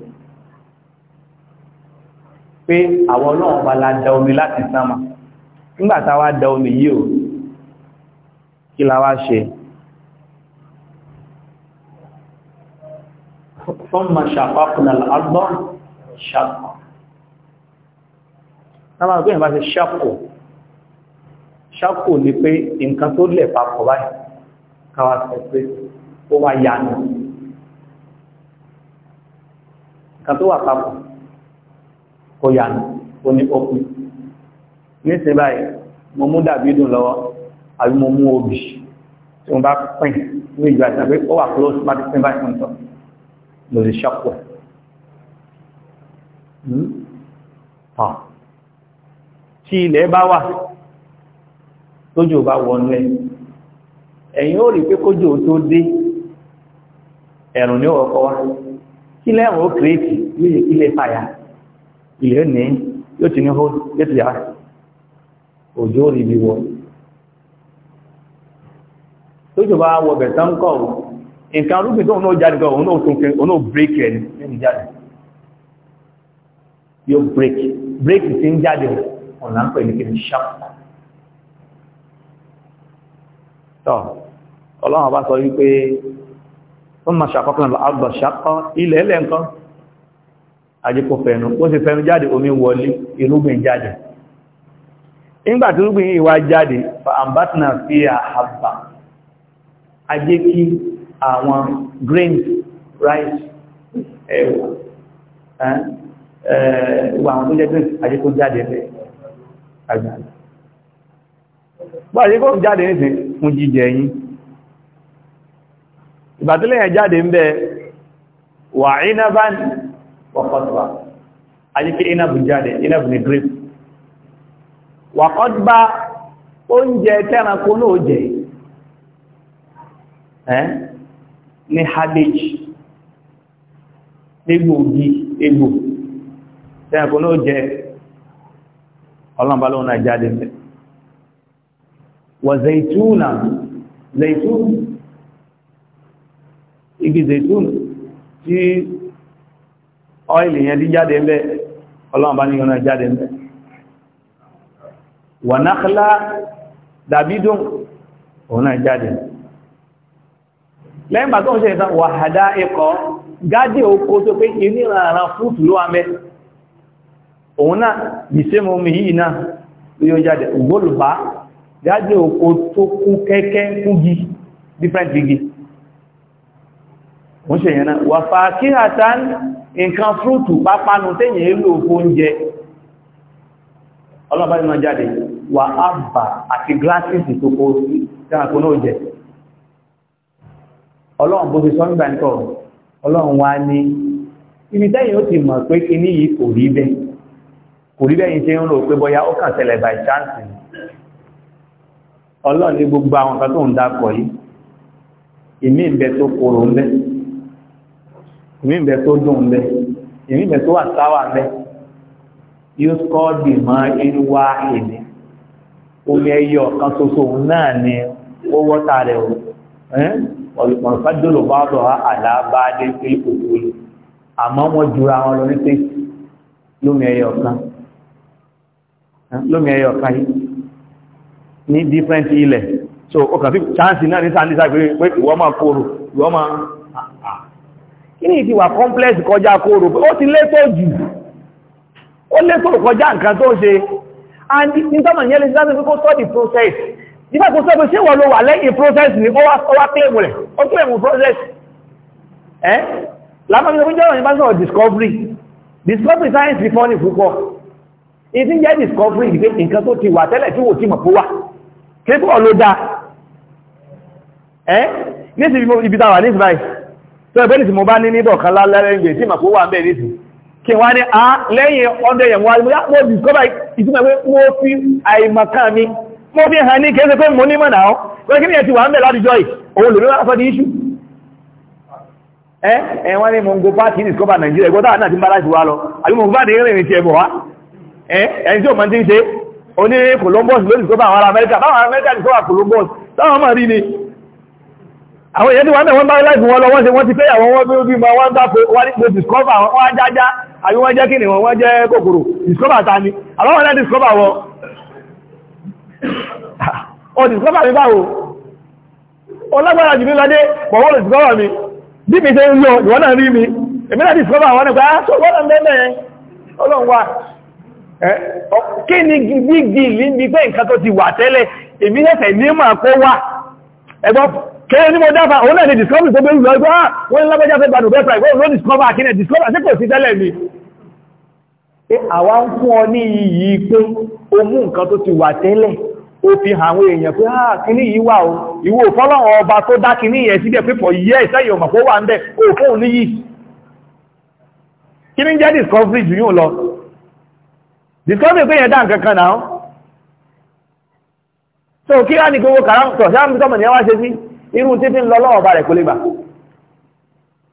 Speaker 2: pé àwọn ọlọ́run bá la da omi láti sánmà nígbà tá wá da omi yìí o kí la wá ṣe thumma shaqaqna al-arda shaqqa náà ìbá ṣe ṣàpò ṣàpò ní pé nǹkan tó lẹ̀ papọ̀ báyìí káwà sọ kó yanu ó ní ókú nísìn báyìí mo mú dàbí dùn lọ́wọ́ àbí mo mú obì tí mo bá pín ní ìjọ àti ó wà close bá ti pín báyìí fún ìtọ́ lórí ṣọ́pù ẹ̀ hmm? tí ilẹ̀ bá wà tójò bá wọnlẹ̀ ẹ̀yìn ó rí pé kójò tó dé ẹ̀rùn ní ọ̀kọ́ wá kílẹ̀ ẹ̀rùn ó kìrìtì yóò yẹ fàyà ilẹ̀ ní yóò ti ní hold yóò ti yá òjò rí bí wọ tójú bá wọ bẹ̀tán kọ̀ nǹkan rúgbìn tó náà jáde gan náà náà break break break ti ń jáde ọ̀nà ń pè ní kìí sharp tọ́ ọlọ́run bá sọ wípé wọ́n máa ṣàkọ́kọ́ àgbà ṣàkọ́ ilẹ̀ àjíkò fẹ̀nù ó sì fẹ̀nù jáde omi wọlé irúgbìn jáde ìgbàtí irúgbìn yìí wá jáde fa ambatna fi àhàbà ajé kí àwọn grains rice ẹ̀wà ẹ̀wà àwọn tó jẹ́ grains àjíkò jáde ẹ̀fẹ́ àgbàrí báyíkò jáde ní fún jíjẹ yìí ìbàtílẹ̀ jáde ń wa khutba ajike ina bujade ina bi grip wa khutba oúnjẹ tẹ́ran kó náà jẹ ẹ́ ní hadage nígbò ògì egbò tẹ́ran kó náà jẹ ọlọ́mbà lóhun náà jáde mẹ́ zaituna zaitun igi zaitun tí ọ́ìlì yẹn dí jáde ń bẹ́ ọlọ́run bá ní ọ̀nà jáde ń bẹ́ wà náàkìlá dàbídùn ọ̀nà jáde lẹ́yìn bàtọ́ ṣe ìta wà hàdá ikọ̀ gádé oko tó pé ìrìnàrà fúùtù ló amẹ́ òun náà ìsẹ́mọ omi yìí náà yóò jáde ògbólùbá gádé oko tó kún kẹ́kẹ́ fúgi different igi òun ṣe yẹn náà wà fàákíhàtán nǹkan fúrútù pápánu tẹ́yìn èlò oúnjẹ ọlọ́bàá ìmọ̀ jáde wà ábà àti glasses tó kó sí ẹranko náà jẹ ọlọ́run bó ti sọ nígbà ọlọ́run wá ní ibi tẹ́yìn ó ti mọ̀ pé kíní yìí kò rí bẹ́ẹ̀ ìmí ìmí ìbẹ̀ tó dùn bẹ́ ìmí ìbẹ̀ tó wà sáwà bẹ́ yóò kọ́ dì mọ́ inú wá èdè omi ẹyọ kan ṣoṣo náà ni ó wọ́ta rẹ̀ o ọ̀lùpọ̀n fẹ́dọ̀lù bá rọ̀ àlàbáadé pé òkú yìí àmọ́ wọ́n jura wọn lọ nípe lómi ẹyọ kan lómi ẹyọ kan yìí ní different ilẹ̀ so ó kàn fi chance náà ní sáà ní sáà pé ìwọ́n máa kóró ìwọ́n máa kíní ìdí wà complex kọjá kóòrò pé ó ti létò jù ó létò kọjá nǹkan tó ṣe and ìtọ́mọ̀ yẹn lè ṣe láti kó study process nígbà kó sọ pé ṣé wọ́n ló wà lẹ́yìn process ní ó wá claim rẹ̀ ó claim process ẹ́ lábàbí ọmọ ìjọba ní bá sọ̀rọ̀ discovery discovery science ti fọ́ ní púpọ̀ ìdí jẹ́ discovery ìgbé nǹkan tó ti wà tẹ́lẹ̀ tí wò tí mọ̀ pó wà kí pọ̀ ló dáa ẹ́ ní ti ibi tàwà ní ìsìnbáyìí so ebe n'isi mo bá ní níbọ̀ kan lálẹ́rẹ́ ìgbè tí màkó wà bẹ́ẹ̀ nìtí kí wá ní àá ah, lẹ́yìn ọdẹ yẹn wá mo discover ìtumọ̀ pé mo fi àìmọ̀kan mi mo fi hàn ní kẹsẹ̀ pé mo nímọ̀ náà wọ́n kí ni ẹ̀ ti wà ń di isu ẹ ẹ wọ́n ní mo ń go party discover Nigeria ẹgbọ́n táwọn náà ti wa lọ àbí mo bá ti ẹ ẹni tí àwọn èèyàn tí wọ́n náà wọ́n bá láìfún wọn lọ wọ́n ṣe wọ́n ti fẹ́yàwó wọ́n bí ojú ma wọ́n bá wọ́n ní discover wọn wọ́n jájá àbí wọ́n jẹ́ kìnnì wọ́n jẹ́ kòkòrò discover ta ni àwọn wọ́n náà discover wọ́n o discover mi báwo o lágbára jù mí lọ́dé pọ̀wọ́n discover mi bí mi ṣe ń lọ ìwọ́n náà rí mi èmi náà discover wọn nípa tó ah, wọ́n náà mẹ́mẹ́ ọlọ́run wa kí ni gbígbì lí kẹ́rẹ́ ní mo dáfà òun náà ni discovery tó bẹ́ ìlú ọjọ́ wọ́n lábẹ́já fẹ́ gbàdùn bẹ́ẹ̀ price wọ́n discover àkínẹ̀ discover sí kò sí tẹ́lẹ̀ mi àwa ń fún ọ ní iyì pé o mú nǹkan tó ti wà tẹ́lẹ̀ o fi àwọn èèyàn pé àà ah, kíní yìí wà o ìwọ fọ́lọ́run ọba tó dá kíní síbẹ̀ pé for years ìsẹ́yìn ọmọ kó wà ń bẹ̀ o fún ní yìí kí ní jẹ́ discovery jù yóò lọ discovery pé yẹn dá nǹkan kan náà so kí á ní gbogbo kàrámùtọ̀ sáàmùtọ̀mọ̀ ni wá ṣe sí irun títí ń lọ lọ́wọ́ bá rẹ̀ kó lè gbà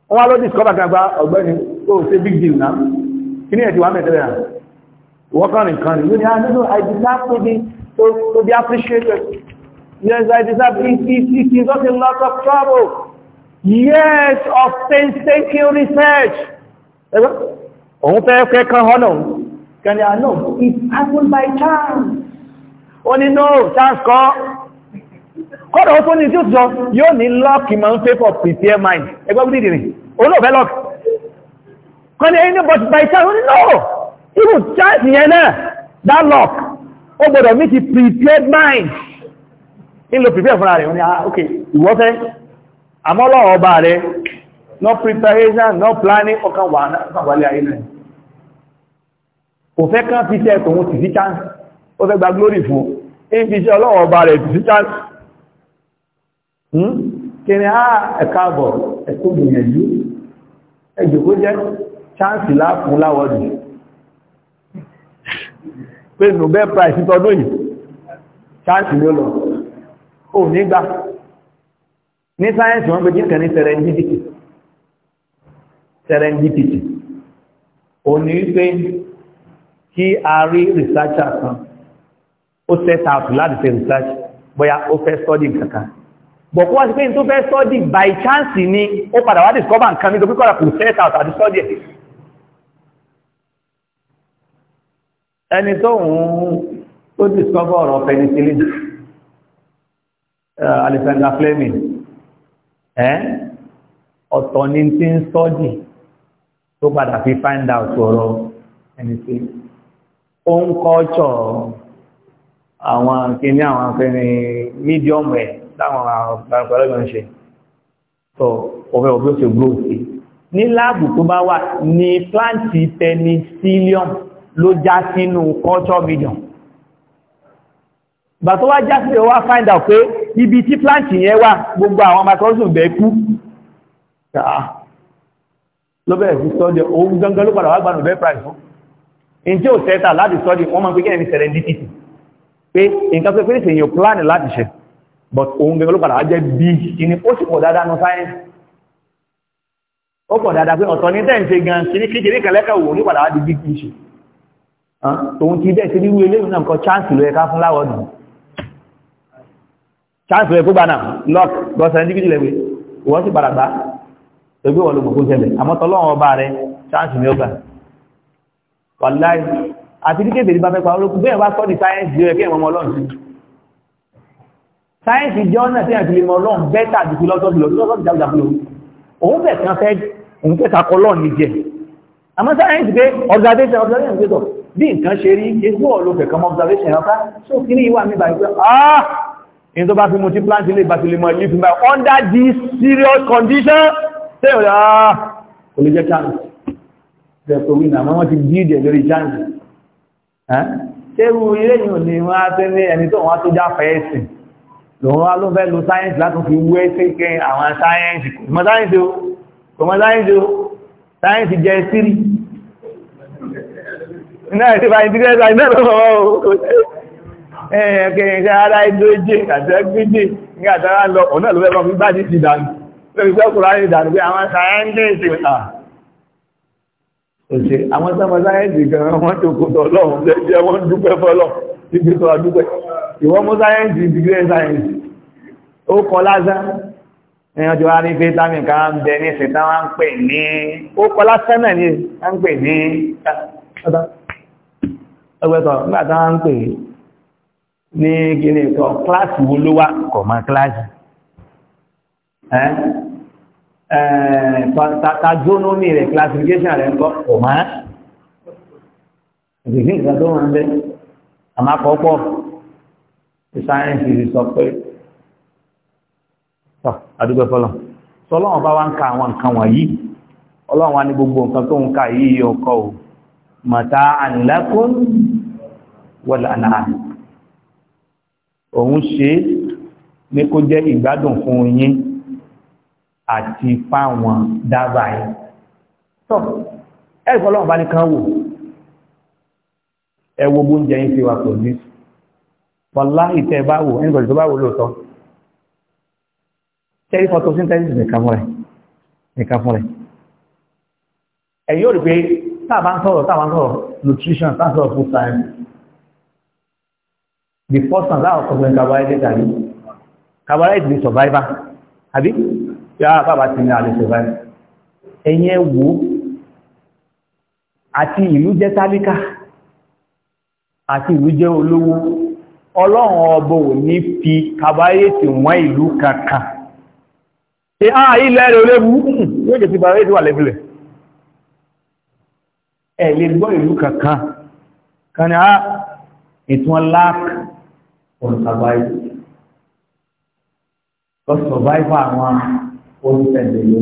Speaker 2: wọ́n wá ló discover kan gba ọ̀gbẹ́ni oh, ṣe big deal náà kí ní ẹ̀tì wà mẹ́tẹ́lẹ̀ náà wọ́kànrin kan ní yóò ní àdúgbò ah, I deserve to be to, to appreciated yes I deserve it it is not a lot of trouble years of painstaking research òun fẹ́ fẹ́ kan họ́nà kẹ́ni àná ah, it happened by chance ó ní no chance kọ́dọ̀ ó tó ní tí ó jọ yóò ní lọ́ọ̀kì ma ń fẹ́ for prepare mind ẹgbẹ́ bí dìrì olóòfẹ́ lọ́ọ̀kì kan ẹni but by chance ní no even chance yẹn náà that lock ó gbọ́dọ̀ ní ti prepared mind in lo prepare fúnra rẹ̀ wọ́n ni ah ok ìwọ́fẹ́ àmọ́lọ́ ọba rẹ̀ no preparation no planning ọkàn wà ní ayé náà kò fẹ́ kán fi ṣe ẹ̀kùn ti sí chance ó fẹ́ gba glory fún in fi ṣe Hmm? kìrì á ẹ̀ka àbọ̀ ẹ̀kọ́ gbìyànjú ẹjòkó jẹ́ chánsì láàfún láwọ́dù pé nobel prize tọdún yìí chánsì ló lọ ò nígbà ní sáyẹ́nsì wọ́n gbẹ́jì kẹni serendipity serendipity ò ní wípé kí a rí researcher kan ó set up láti ṣe research bóyá ó fẹ́ study kankan bọ̀kú wá sí pé tó fẹ́ study by chance ni ó padà wá discover nǹkan ní tó pípọ̀ kò set out àti study ẹ̀ ẹni tó ń tó discover ọ̀rọ̀ penicillin eh, Alexander Fleming eh, ọ̀tọ̀ ni tí ń study tó padà fi find out ọ̀rọ̀ penicillin ó ń kọ́ ọ̀chọ̀ àwọn kìíní àwọn afẹ́ni medium rẹ̀ táwọn ọ̀pọ̀lọpọ̀ ń ṣe so òfin òfin ṣe grow sí ní láàbù tó bá wà ní planti penicillium ló já sínú culture medium gbà tó wá já sí ọwá find out pé ibi tí planti yẹn wà gbogbo àwọn microsoft bẹ̀ kú ló bẹ̀rẹ̀ sí sọ́dẹ̀ ohun gangan ló padà wá gbanù bẹ́ẹ̀ price fún in tí ó tẹ́ta láti sọ́dẹ̀ wọ́n máa pé kí ẹni serendipity pé nǹkan pé pé ìsèyàn but òun gẹ́gẹ́ ló padà wá jẹ́ bí kíní ó sì pọ̀ dáadáa nù sáyẹ́nsì ó pọ̀ dáadáa pé ọ̀tọ̀ ní tẹ́ǹṣe gan kíní kékeré kẹlẹ́kẹ̀ ní padà di big issue tòun ti bẹ́ẹ̀ sí rírú eléyìí náà chance ló yẹ ká fún láwọ̀ chance ló yẹ kó náà lock gọ́sẹ̀ ní kíkí lẹ́wẹ̀ wọ́n sì padà gbá ẹgbẹ́ wọn ló mọ̀ kó àmọ́ tọ́lọ́wọ́n ọba rẹ chance mi ó gbà wàláì àti ní kékeré bá fẹ́ pa olókùn bẹ́ẹ̀ wá sọ́ di sáyẹ́nsì ló yẹ kí ẹ̀wọ̀n ọlọ́run sí sáyẹ́ǹsì jẹ́ ọ̀nà tí àti lè mọ ọlọ́run bẹ́tà ju fìlọ́sọ́fì lọ fìlọ́sọ́fì jáde àbúlò òun fẹ̀ kan fẹ́ òun fẹ́ sakọ ọlọ́run ní jẹ àmọ́ sáyẹ́ǹsì pé observation observation ṣe sọ bí nǹkan ṣe rí ewu ọ̀lọ́ fẹ̀ kan observation ọ̀ká so kí ní ìwà mi bàyí pé ah in tó bá fi mu ti plant ilé ìbá ti lè mọ ilé fún báyìí under this serious condition ṣé ò dáa ah! kò lè jẹ́ chance ṣe kò wí nà mọ́ ti build ẹ̀ lórí chance ṣé irú ilé yìí ò ní wọ́n á tẹ́lẹ̀ ẹni tó wọ́n á tó jáfẹ́ ẹ̀sìn lòun wá ló fẹ́ lo sáyẹ́ǹsì láti fi wé kéèké àwọn sáyẹ́ǹsì kò mọ sáyẹ́ǹsì o kò mọ sáyẹ́ǹsì o sáyẹ́ǹsì jẹ́ sírì náà ti fa ìdílé ẹ̀sà iná lọ́wọ́ o ẹ̀ẹ́kẹ̀yìn ṣe ara ìdóje àti ẹgbẹ́jẹ́ ní àtàrà lọ ọ̀nà ló fẹ́ bá bá ti ti dànù lórí pé ọkùnrin ìdànù pé àwọn sáyẹ́ǹsì òṣè àwọn sáyẹ́ǹsì gan-an wọ́n tó kò tọ̀ lọ́wọ́ ìwọ́n mú sáyẹ́ǹsì dìgírẹ́ sáyẹ́ǹsì ó kọ lásán ẹ̀yàn jọ wá ní pé támì ká ń bẹ ní ṣẹ̀tá wá ń pè ní ó kọ lásán náà ní wá ń pè ní ọgbẹ́tọ̀ nígbàtá wá ń pè ní gíní ìtọ́ kíláàsì wo ló wá kọ̀ mọ́ kíláàsì taxonomy rẹ̀ classification rẹ̀ kọ́ kọ̀ mọ́ ìgbìgbì ìgbà tó wọ́n ń bẹ́ àmàkọ́pọ̀ sáyẹ́ǹsì ti sọ pé tọ́ àdúgbò fọlọ́ sọ ọlọ́run bá wá ń ka àwọn nǹkan wọ̀nyí ọlọ́run wá ní gbogbo nǹkan tó ń ka yìí ọkọ o mọ̀tá ànílákún wọ̀lá náà òun ṣe ní kó jẹ́ ìgbádùn fún yín àti fáwọn dábàá yín tọ́ ẹ̀rì fọlọ́run bá ní kan wò ẹ wo bóúnjẹ yín fi wà pẹ̀lú wàláhì tẹ́ bá wò ẹnìbọ̀dì tó bá wò lóòótọ́ tẹ́rí photosynthesis nìkan fún rẹ̀ nìkan fún rẹ̀ ẹ̀yìn yóò rí pé táàbá ń sọ̀rọ̀ táàbá ń sọ̀rọ̀ nutrition táàbá ń sọ̀rọ̀ food science the first and last of the carbohydrate àbí carbohydrate is survivor àbí yàrá bàbá ti ní àlè survivor ẹ̀yìn ẹ̀ àti ìlú jẹ́ tálíkà àti ìlú jẹ́ olówó ọlọ́run ọbọ ò ní fi kàbáyèsí wọ́n ìlú kankan ṣe á ilẹ̀ rẹ̀ olébú hmm, yóò jẹ́ ti bàbáyèsí wà lẹ́bílẹ̀ ẹ̀ lè gbọ́ ìlú kankan kan ni á ìtún lák ọ̀rọ̀ kàbáyèsí lọ sọ̀báìfà àwọn
Speaker 1: olùsẹ̀dẹ̀ ló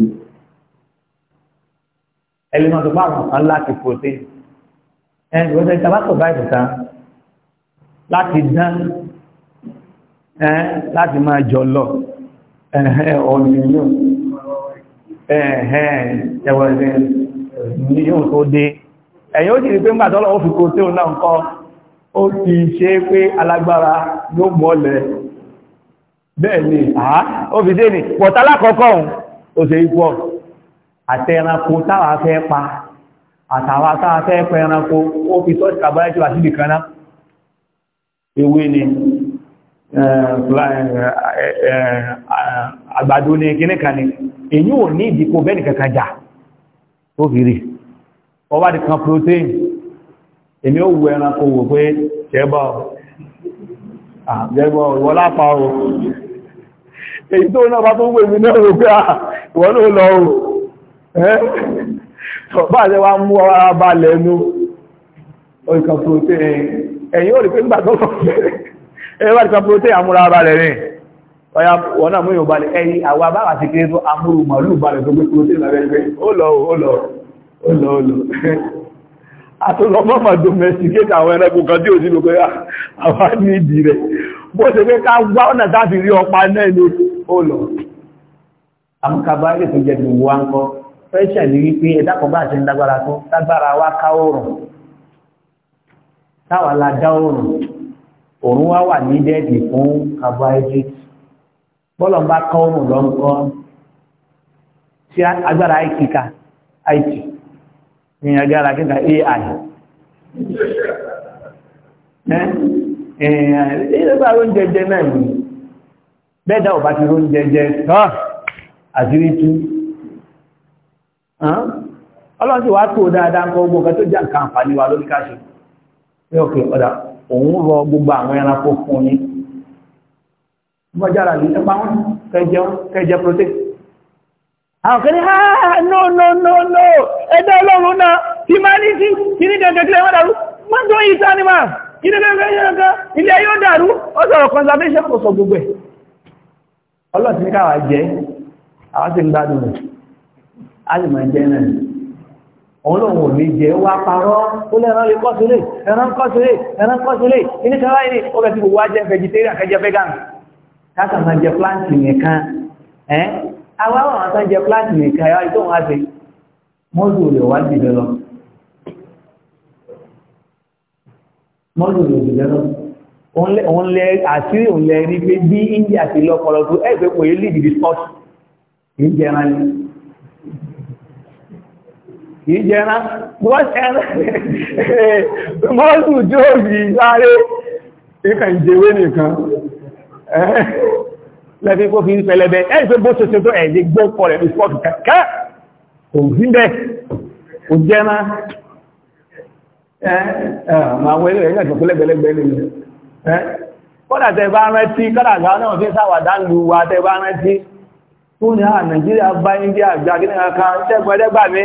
Speaker 2: ẹlẹ́mọ̀tò bá àwọn kan láti protein ẹ̀ ìwọ́n tẹ́ láti dán ẹ́ láti máa jọ lọ ẹ̀hẹ́ ọ̀nìyàn ẹ̀hẹ́ ẹ̀wọ̀n yóò tó dé ẹ̀yìn ó sì rí pé ń gbàtọ́lọ̀ ó fi kó tí ó náà kọ́ ó ti ṣe pé alágbára yóò mọ́lẹ̀ bẹ́ẹ̀ ni àá ó fi dé ní pọ̀tálá kọ́kọ́ ó ṣe ikú ọ̀ àtẹranko táwà fẹ́ pa àtàwà táwà fẹ́ pẹranko ó ewé ni àgbàdo eh, eh, eh, ni èyí ò ní ìdíkò jà tó fi rí protein èmi ó wù wò pé o èyí tó náà bá tó wù èmi náà rò pé ìwọ náà lọ o bá àṣẹ mú balẹ̀ ó ìkan protein ẹ̀yìn ò rí pé nígbà tó kọ̀ ẹ wá nípa protein amúra ara rẹ̀ rìn ọ̀yà wọn náà mú yóò balẹ̀ ẹ̀yìn àwa bá wà sí kéré tó amúrú màálù balẹ̀ tó gbé protein lábẹ́ gbé ó lọ ó lọ ó lọ ó lọ àtúnlọ mọ́mọ̀ domesticate àwọn ẹranko kan tí ò sí lókè ah, àwọn ní ìdí rẹ̀ táwa la dá òrùn wá wà ní dẹ́ẹ̀dì fún carbohydrate bọ́lọ̀ ń bá kọ́ òrùn lọ ń kọ́ sí agbára àìkíkà àìkí ní agbára kíkà ai ìrẹ́gbà ló ń náà ni bẹ́ẹ̀dá ọ̀bá ti jẹjẹ tọ́ àṣírí tú ọlọ́run wá tó dáadáa ń kọ́ ọ̀gá tó nǹkan àǹfààní wa pé òkè ọ̀dà òun rọ gbogbo àwọn ẹranko fún yín mọ́jára lè nípa wọn kẹjẹ protein àwọn kẹni ah, ah, no no no no ẹgbẹ́ ọlọ́run náà tí máa ní sí kí ní gẹ̀gẹ̀ wọ́n dàrú tó yí sáà ní máa kí ní yóò dàrú òun lòun ò ní jẹ wá parọ́ ó lẹ́ran lè kọ́ sílé ẹran kọ́ sílé ẹran kọ́ sílé ilé kan láì ó bẹ̀ tí gbogbo ajẹ́ vegetarian kẹjẹ vegan káàkà máa jẹ plant nìkan ẹ́ àwọn àwọn àwọn jẹ plant nìkan ẹ̀yà ìtòun á ṣe mọ́tò rẹ̀ wá dìde lọ mọ́tò rẹ̀ dìde lọ òun lẹ àṣírí òun lẹ rí pé bí India ti lọ́pọ̀lọpọ̀ ẹ̀ pé kò lead the sport ìjẹran ni kìí jẹran wọ́n ṣẹran mọ́sù jó rí láàrẹ ìkà ìjẹwé nìkan lẹ́fí kó fi ń pẹlẹbẹ ẹ́ pé bó ṣoṣo tó ẹ̀yẹ gbọ́ pọ̀ rẹ̀ ní spọ́ọ̀tù kẹ́kẹ́ kò sí bẹ́ kò jẹran àwọn ilé ẹ̀yẹ tó lẹ́gbẹ̀lẹ́gbẹ̀ nínú kọ́dà tẹ bá rántí kọ́dà gáwọn náà fi sáwàdá lu wa tẹ bá rántí tó ní àwọn ah, Nàìjíríà bá India àgbà kí ní kankan tẹ́gbẹ̀ẹ́dẹ́gbà mi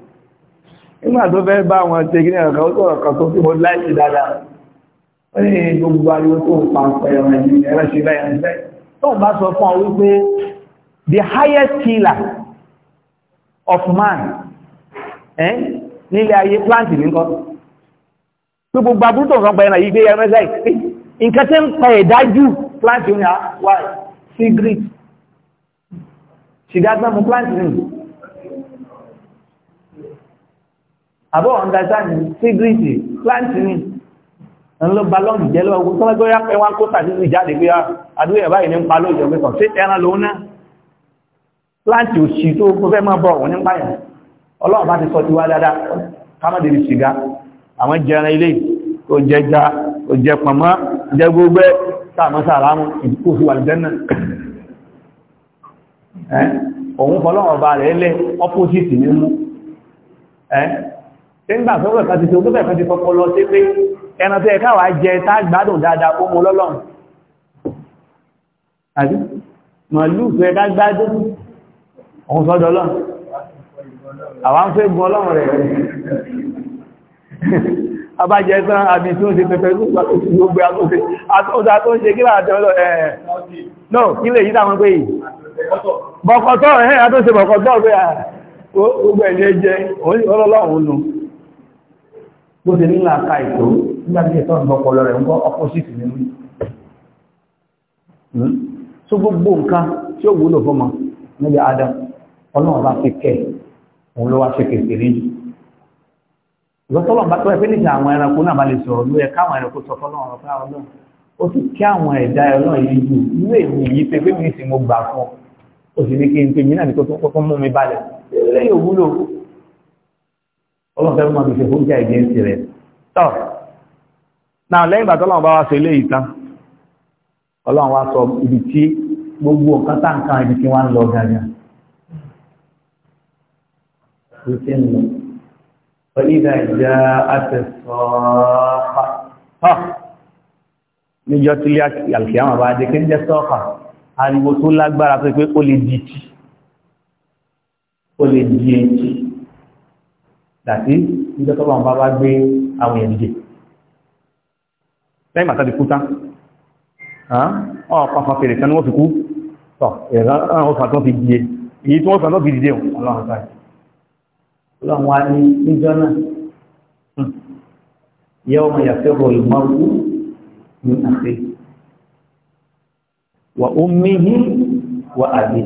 Speaker 2: nígbà tó fẹ́ bá wọn ṣe gíní ọ̀kan ó sọ̀rọ̀ kan tó fi mo láìsí dáadáa wọ́n ní gbogbo ariwo tó ń pa ọ̀pẹ̀ ọ̀rọ̀ ìlú ẹ̀rọ ṣe bẹ́ẹ̀ ń bẹ́ẹ̀ tó ń bá sọ fún ọ wípé the highest killer of man eh? nílé ayé plant nìkan tó gbogbo aburú tó ń sọ pé ẹ̀rọ yìí gbé ẹ̀rọ ẹ̀rọ nǹkan tí ń pa ẹ̀dá jù plant ní ah, wa cigarette ṣìgá gbẹ́mu plant nìkan àbọ̀ ọ̀ndàsáàni sígírìtì plant ni ńlọ balọ́ọ̀nù jẹ́ lọ́wọ́ ogun tó lọ́gbọ́ yá pé wọ́n kó tàbí jáde pé ah, àdúgbò ẹ̀bá ìní ń pa lóòjọ́ pé kàn sí ẹran lòun náà plant òṣì tó fẹ́ mọ́ bọ̀ wọ́n nípa yẹn ọlọ́run bá ti sọ ti wá dáadáa kámọ́dé ní sìgá àwọn jẹran ilé tó jẹ ja tó jẹ pọ̀nmọ́ jẹ gbogbo táàmọ́ sàrámù ìdíkò fi wà lùdẹ́nà òun fọlọ́run ọba rẹ̀ lẹ́ opposite ní mú nígbà tó rẹ̀ kàtí tó bẹ́ẹ̀ kàtí kọkọ lọ sí pé ẹran tó ẹ̀ká wà jẹ tá gbádùn dáadáa ó mú lọ́lọ́run àti màálù tó ẹ̀ká gbádùn ọ̀hún sọ́dọ̀ lọ́n
Speaker 1: àwọn fẹ́ gun ọlọ́run rẹ̀
Speaker 2: abájẹ́ tán àbí tí ó ṣe pẹpẹ gbogbo agbóṣe àtúnṣà tó ń ṣe kí láàtẹ́ ọlọ́ ẹ̀ no pé yìí ah, gbogbo ẹ̀yẹ jẹ ọlọ́run nù bó ṣe nílò àka ètò nígbà tí ìtọ́ ìgbọ́ ọpọlọ rẹ̀ ń gbọ́ opposite nínú tó hmm? gbogbo nǹkan tí ó wúlò fún ma níbi adam ọlọ́run bá fi kẹ́ òun ló wá ṣe kèsì rí jù ìgbọ́sọ́lọ́run bá tó ẹ pé níta àwọn ẹranko náà bá lè sọ̀rọ̀ ló yẹ káwọn ẹranko sọ fọlọ́run ọ̀rọ̀ fún ọlọ́run ó ti kí àwọn ẹ̀dá ọlọ́run yìí ju inú èmi yìí pé pé mi sì mo gbà fún ọ ó ní kí n pè mí náà ní kó tó mú mi balẹ̀ eléyìí ò ọlọ́fẹ́ máa fi ṣe fún jẹ́ ìgbẹ́ǹsì rẹ̀ tọ́ náà lẹ́yìn ìgbà tọ́lọ́wọ́ bá wá ṣe ilé ìtàn ọlọ́run wá sọ ibi tí gbogbo nǹkan tá nǹkan ibi tí wọ́n ń lọ gangan ló ti ń lọ pẹ̀lú ìdá ìjà tí àlùkìyàmọ̀ bá dé kí ń jẹ́ sọ́ọ̀pá ariwo tó lágbára pé pé ó lè di etí ó lè di etí dàtí níjọ́ tọ́lọ́ wọn bá wá gbé àwọn èèyàn dìde lẹ́yìn màtá di kú tán ọ̀pọ̀ afọ fèrè kan ni wọ́n fi kú tọ̀ ẹ̀rọ àwọn ọ̀fà tó fi dìde èyí tí wọ́n fà tó fi dìde ọlọ́run báyìí ọlọ́run wa ní níjọ́ náà yẹ́wọ́ mọ̀ yàtọ̀ rọ̀ ìmọ̀rú ní àfẹ́ wà ó mìíní wà àbí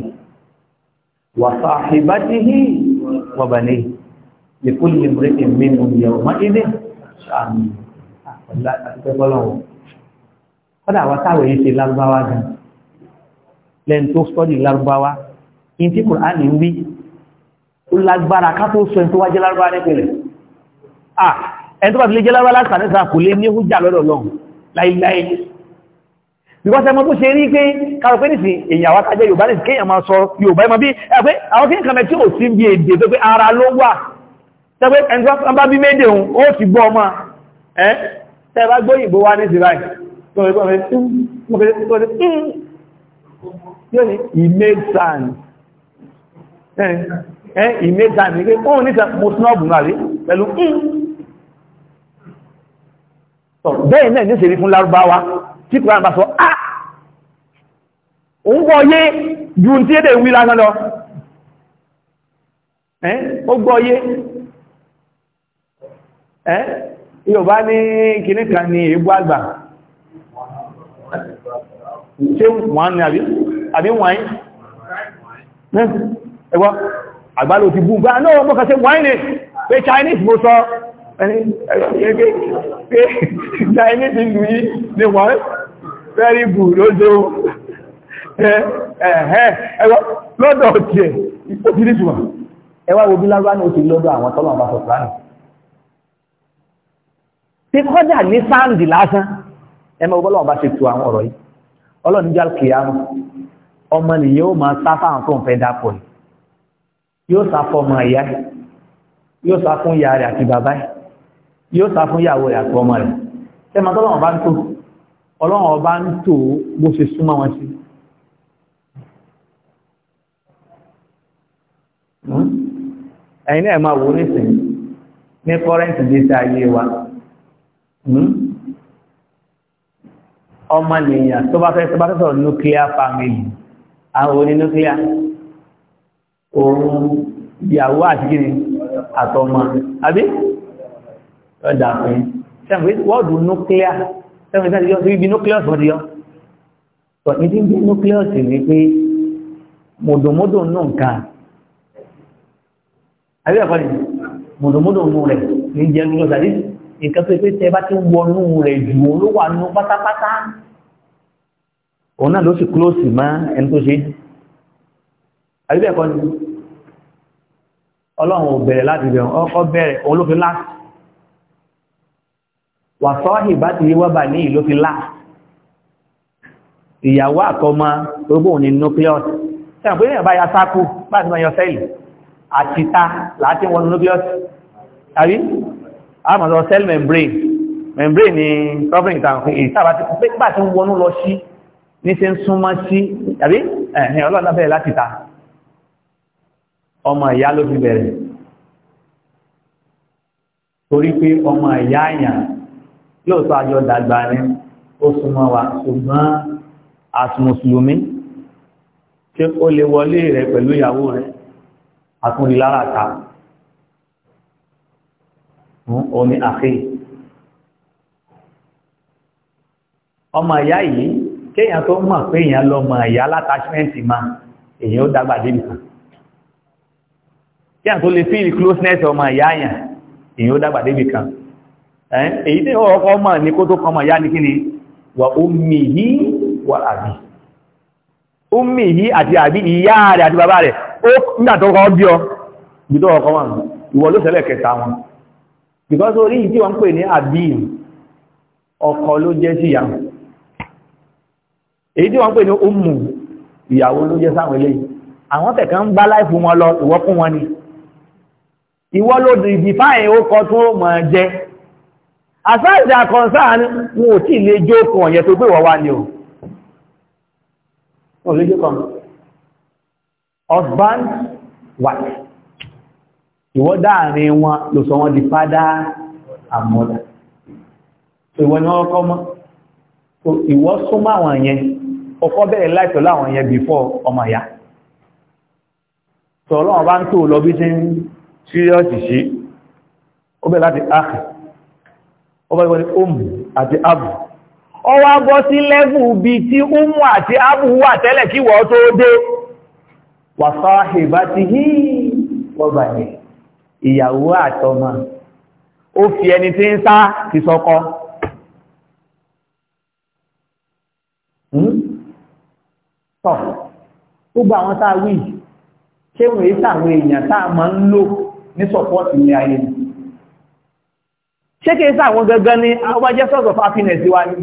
Speaker 2: wà fàáhìbátìhì wà bàníyìí lèkúlù ìmúrẹ́ èmi nù yẹ̀wò má ilé ṣàmì àpẹ̀lá àtúpẹ́ bọ́lọ́wọ́ kọ́dà wa táwọn yìí ṣe lárúbáwá gan lẹ́nu tó sọ́dì lárúbáwá in tí kùrán ní wí ó lágbára ká tó sọ ẹni tó wá jẹ́ lárúbáwá nípìnlẹ̀ ah ẹni tó bá fi lè jẹ́ lárúbáwá lásìkò àti ìsàkó lé ní hújà lọ́dọ̀ lọ́hùn láíláí because ẹmọ tó ṣe rí pé kàrò pé nìsìn èyàn àwọn tajẹ́ Yorùbá nìsìn kéèyàn máa sọ Yorùbá ẹmọ bí ẹgbẹ́ àwọn kí n kàmẹ́ tí ò sí bí èdè tẹ́gbẹ́ ẹni bá bí méde òun ó ti gbọ́ ọmọ ẹ́ tẹ́gbà gbóyìnbó wá ní ìsìnláì tó rẹ̀ gbọ́n rẹ̀ yóò ní ìmẹ́sàn ẹ́ ìmẹ́sàn ní pé òun níta mo snọ́bù náà rí pẹ̀lú bẹ́ẹ̀ náà ní ìṣèrí ẹ́ yóòbá ní kìíní kan ní èébú àgbà ṣé wọ́n ní àbí wọ́n ẹgbọ́ àgbà ló ti bú bá náà mọ́ kàṣẹ wọ́n ní pé Chinese mo sọ pé Chinese ìlú yìí ni wọ́n very good ló jẹ́ ẹ̀ẹ́ lọ́dọ̀ ọ̀tẹ̀ ó ti ní ṣùgbọ́n ẹwà wo bí lágbá náà ó ti lọ́dọ̀ àwọn tọ́lọ̀ tí kọjá ní sáàndì lásán ẹmọ ọgbọ́lọ́wọ́ bá ṣe tu àwọn ọ̀rọ̀ yìí ọlọ́run jẹ́ alkiyama ọmọ nìyẹn ó máa sá fáwọn tó ń fẹ́ dápọ̀ yìí yóò sá fún ọmọ ìyá yóò sá fún ìyá rẹ̀ àti bàbá yóò sá fún ìyàwó rẹ̀ àti ọmọ rẹ̀ ẹmọ tọ́lọ́wọ́ bá ń tó ọlọ́run ọba ń tò bó ṣe súnmọ́ wọn sí hmm? ẹ̀yin náà máa wò nísìnyí ní kọ́rẹ́ǹtì gbèsè ayé wa Hmm? ọmọ nìyàn tó bá fẹ́ tó bá fẹ́ nuclear family àwọn oní nuclear òun ìyàwó àti gíní àtọmọ àbí ọjà fún ṣẹ́fẹ́ wọ́ọ̀dù nuclear ṣẹ́fẹ́ tí yọ́ sí ibi nucleus wọ́n ti yọ́ tọ̀ ní tí ń bí nucleus ní pé mọ̀dọ̀mọ́dọ̀ nù nǹkan àbí ẹ̀kọ́ ni mọ̀dọ̀mọ́dọ̀ nù nǹkan tó pé tẹ bá ti wọnú rẹ̀ jù ú ló wà nínú pátápátá òun náà ló sì kúlóòsì mọ́ ẹni tó ṣe àbíbẹ̀ kọ́ ni ọlọ́run ò bẹ̀rẹ̀ láti bẹ̀rẹ̀ ọkọ̀ bẹ̀rẹ̀ òun ló fi láti wàsọ́ọ̀hì bá ti yíwọ́ bà ní ìlú fi láti ìyàwó àkọ́mọ gbogbo òun ni nucleus ẹ̀rùn pé ìyàbá ya sáàkù bá ti mọ́ yọ sẹ́ẹ̀lì àti ta láti wọnú nucleus tàbí a máa sọ cell membrane membrane ni covering tan fún èyí sábà tí bá ti ń wọnú lọ sí ní ṣe ń súnmọ́ sí àbí ẹ̀hìn ọlọ́dún abẹ́rẹ́ láti ta ọmọ ìyá ló fi bẹ̀rẹ̀ torí pé ọmọ ìyá àyàn lóòótọ́ àjọ dàgbà ni ó súnmọ́ wa ṣùgbọ́n àtùmùsùlùmí ṣé ó lè wọlé rẹ̀ pẹ̀lú ìyàwó rẹ̀ àtúndì lára òun ni àkè ọmọ ìyá yìí kéèyàn tó mọ̀ pé èèyàn lọ mọ̀ ìyá látàṣmẹ́ǹtì ma èèyàn ó dágbà débi kan kéèyàn tó lè feel closeness ọmọ ìyá yàn èèyàn ó dágbà débi kan èyí tí ó ọkọ̀ ọmọ ní kó tó kọmọ ìyá ní kí wà ómì yí wà àbí àti àbí ìyá rẹ̀ àti bàbá rẹ̀ ó nígbà tó kọ́ bí ọ ló kẹta wọn because orí ìdí wọ́n pè ní àbíyàn ọkọ ló jẹ́ sí ìyàwó èyí tí wọ́n pè ní ọmọ ìyàwó ló jẹ́ sáwọn ilé àwọn tẹ̀kan ń bá láìfún wọn lọ ìwọ fún wọn ni ìwọ ló dìbì fáyìn ó kọ tó mọ̀ jẹ́ àsáìdà concern wọn ò tí lè jókòó ọ̀yẹ́ tó pé wọ́n wá ní o ọ̀lẹ́jọ́ kan husband wife ìwọ́dá àárín wọn ló sọ wọ́n di fádá àmọ́dá so ìwọ ni wọ́n kọ́ mọ́ so ìwọ súnmọ́ àwọn yẹn ọkọ́ bẹ̀rẹ̀ láìpẹ̀ láwọn yẹn bífọ́ ọmọ ìyá so ọlọ́run bá ń tó lọ bí tí ń síríọ́sì sí ó bẹ̀rẹ̀ láti áàkì ó bẹ̀rẹ̀ láti ómù àti ábù ọ wá bọ́ sí lẹ́bù bí tí ómù umm àti ábù wà tẹ́lẹ̀ kí wọ́n tó dé wàsáhìbá ti hí wọ́n bàyẹ̀ ìyàwó àtọmọ ó fi ẹni tí ń sá ti sọkọ hmm? tọ́ gbogbo àwọn tá a wí ṣé wọ́n èyí táwọn èèyàn tá a máa ń lò ní sọ́pọ́ọ̀tì ní ayé ni ṣé kí èsà àwọn gangan ní àwọ́bájẹ́ source of happiness wá ní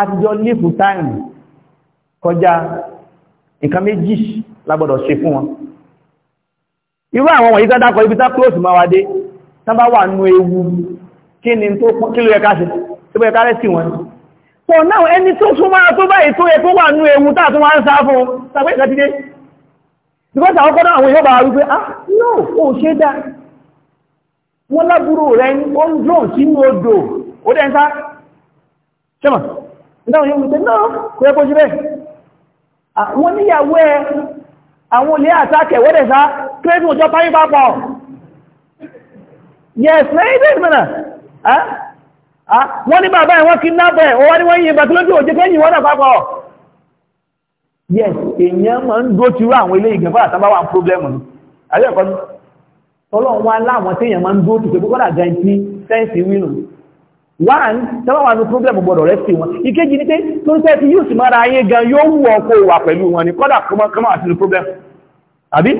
Speaker 2: àtijọ́ live time kọjá nǹkan méjì lágbọ́dọ̀ ṣe fún wọn irú àwọn wọ̀nyí tọ́dákọ̀ ibi tán close ma wà dé tán bá wà nú ewu kí ni tó kí ló yẹ ká ṣe tó bẹ́ kárẹ́ sí wọn so now ẹni tó súnmọ́ tó báyìí tó yẹ kó wà nú ewu táà tó wá ń sá fún tàbí ìkàtí dé because àwọn kọ́nà àwọn yóò wípé ah no ó ṣe dá wọ́n lábúrò rẹ̀ ó ń dùn sínú odò ó dẹ́ ń sá ṣẹ́mà ìdáwọn yóò wípé náà kò yẹ kó ṣe bẹ́ẹ̀ ah, wọ́n níyàwó ẹ àwọn olè àtàkẹ̀ wọ́dẹ̀ sá kírẹ́tù òjò parí bá pọ̀ yes mẹ́rin mẹ́rin wọ́n ní bàbá ẹ̀wọ́n kí náàbẹ̀ wọ́n ní wọ́n yìí bàtí lójú òjò kẹ́yìn wọ́n dàpapọ̀ yes èyàn máa ń dó ti rú àwọn ilé ìgbẹ̀fà àtàbáwà pọ́blẹ́mù àríẹ̀kọ́ tọ́lọ́ wọn láwọn tí èyàn máa ń dó ti pẹ̀lú kọ́dà gan tí sẹ́ǹsì wínú one tẹ́wọ́n wà ní problem gbọ́dọ̀ rẹ̀ sí wọn ìkejì ní pé tó ń sẹ́ẹ̀tì yóò sì máa ra ayé gan yóò wù ọkọ̀ wà pẹ̀lú wọn ní kọ́dà kọmọ́ àti ní problem àbí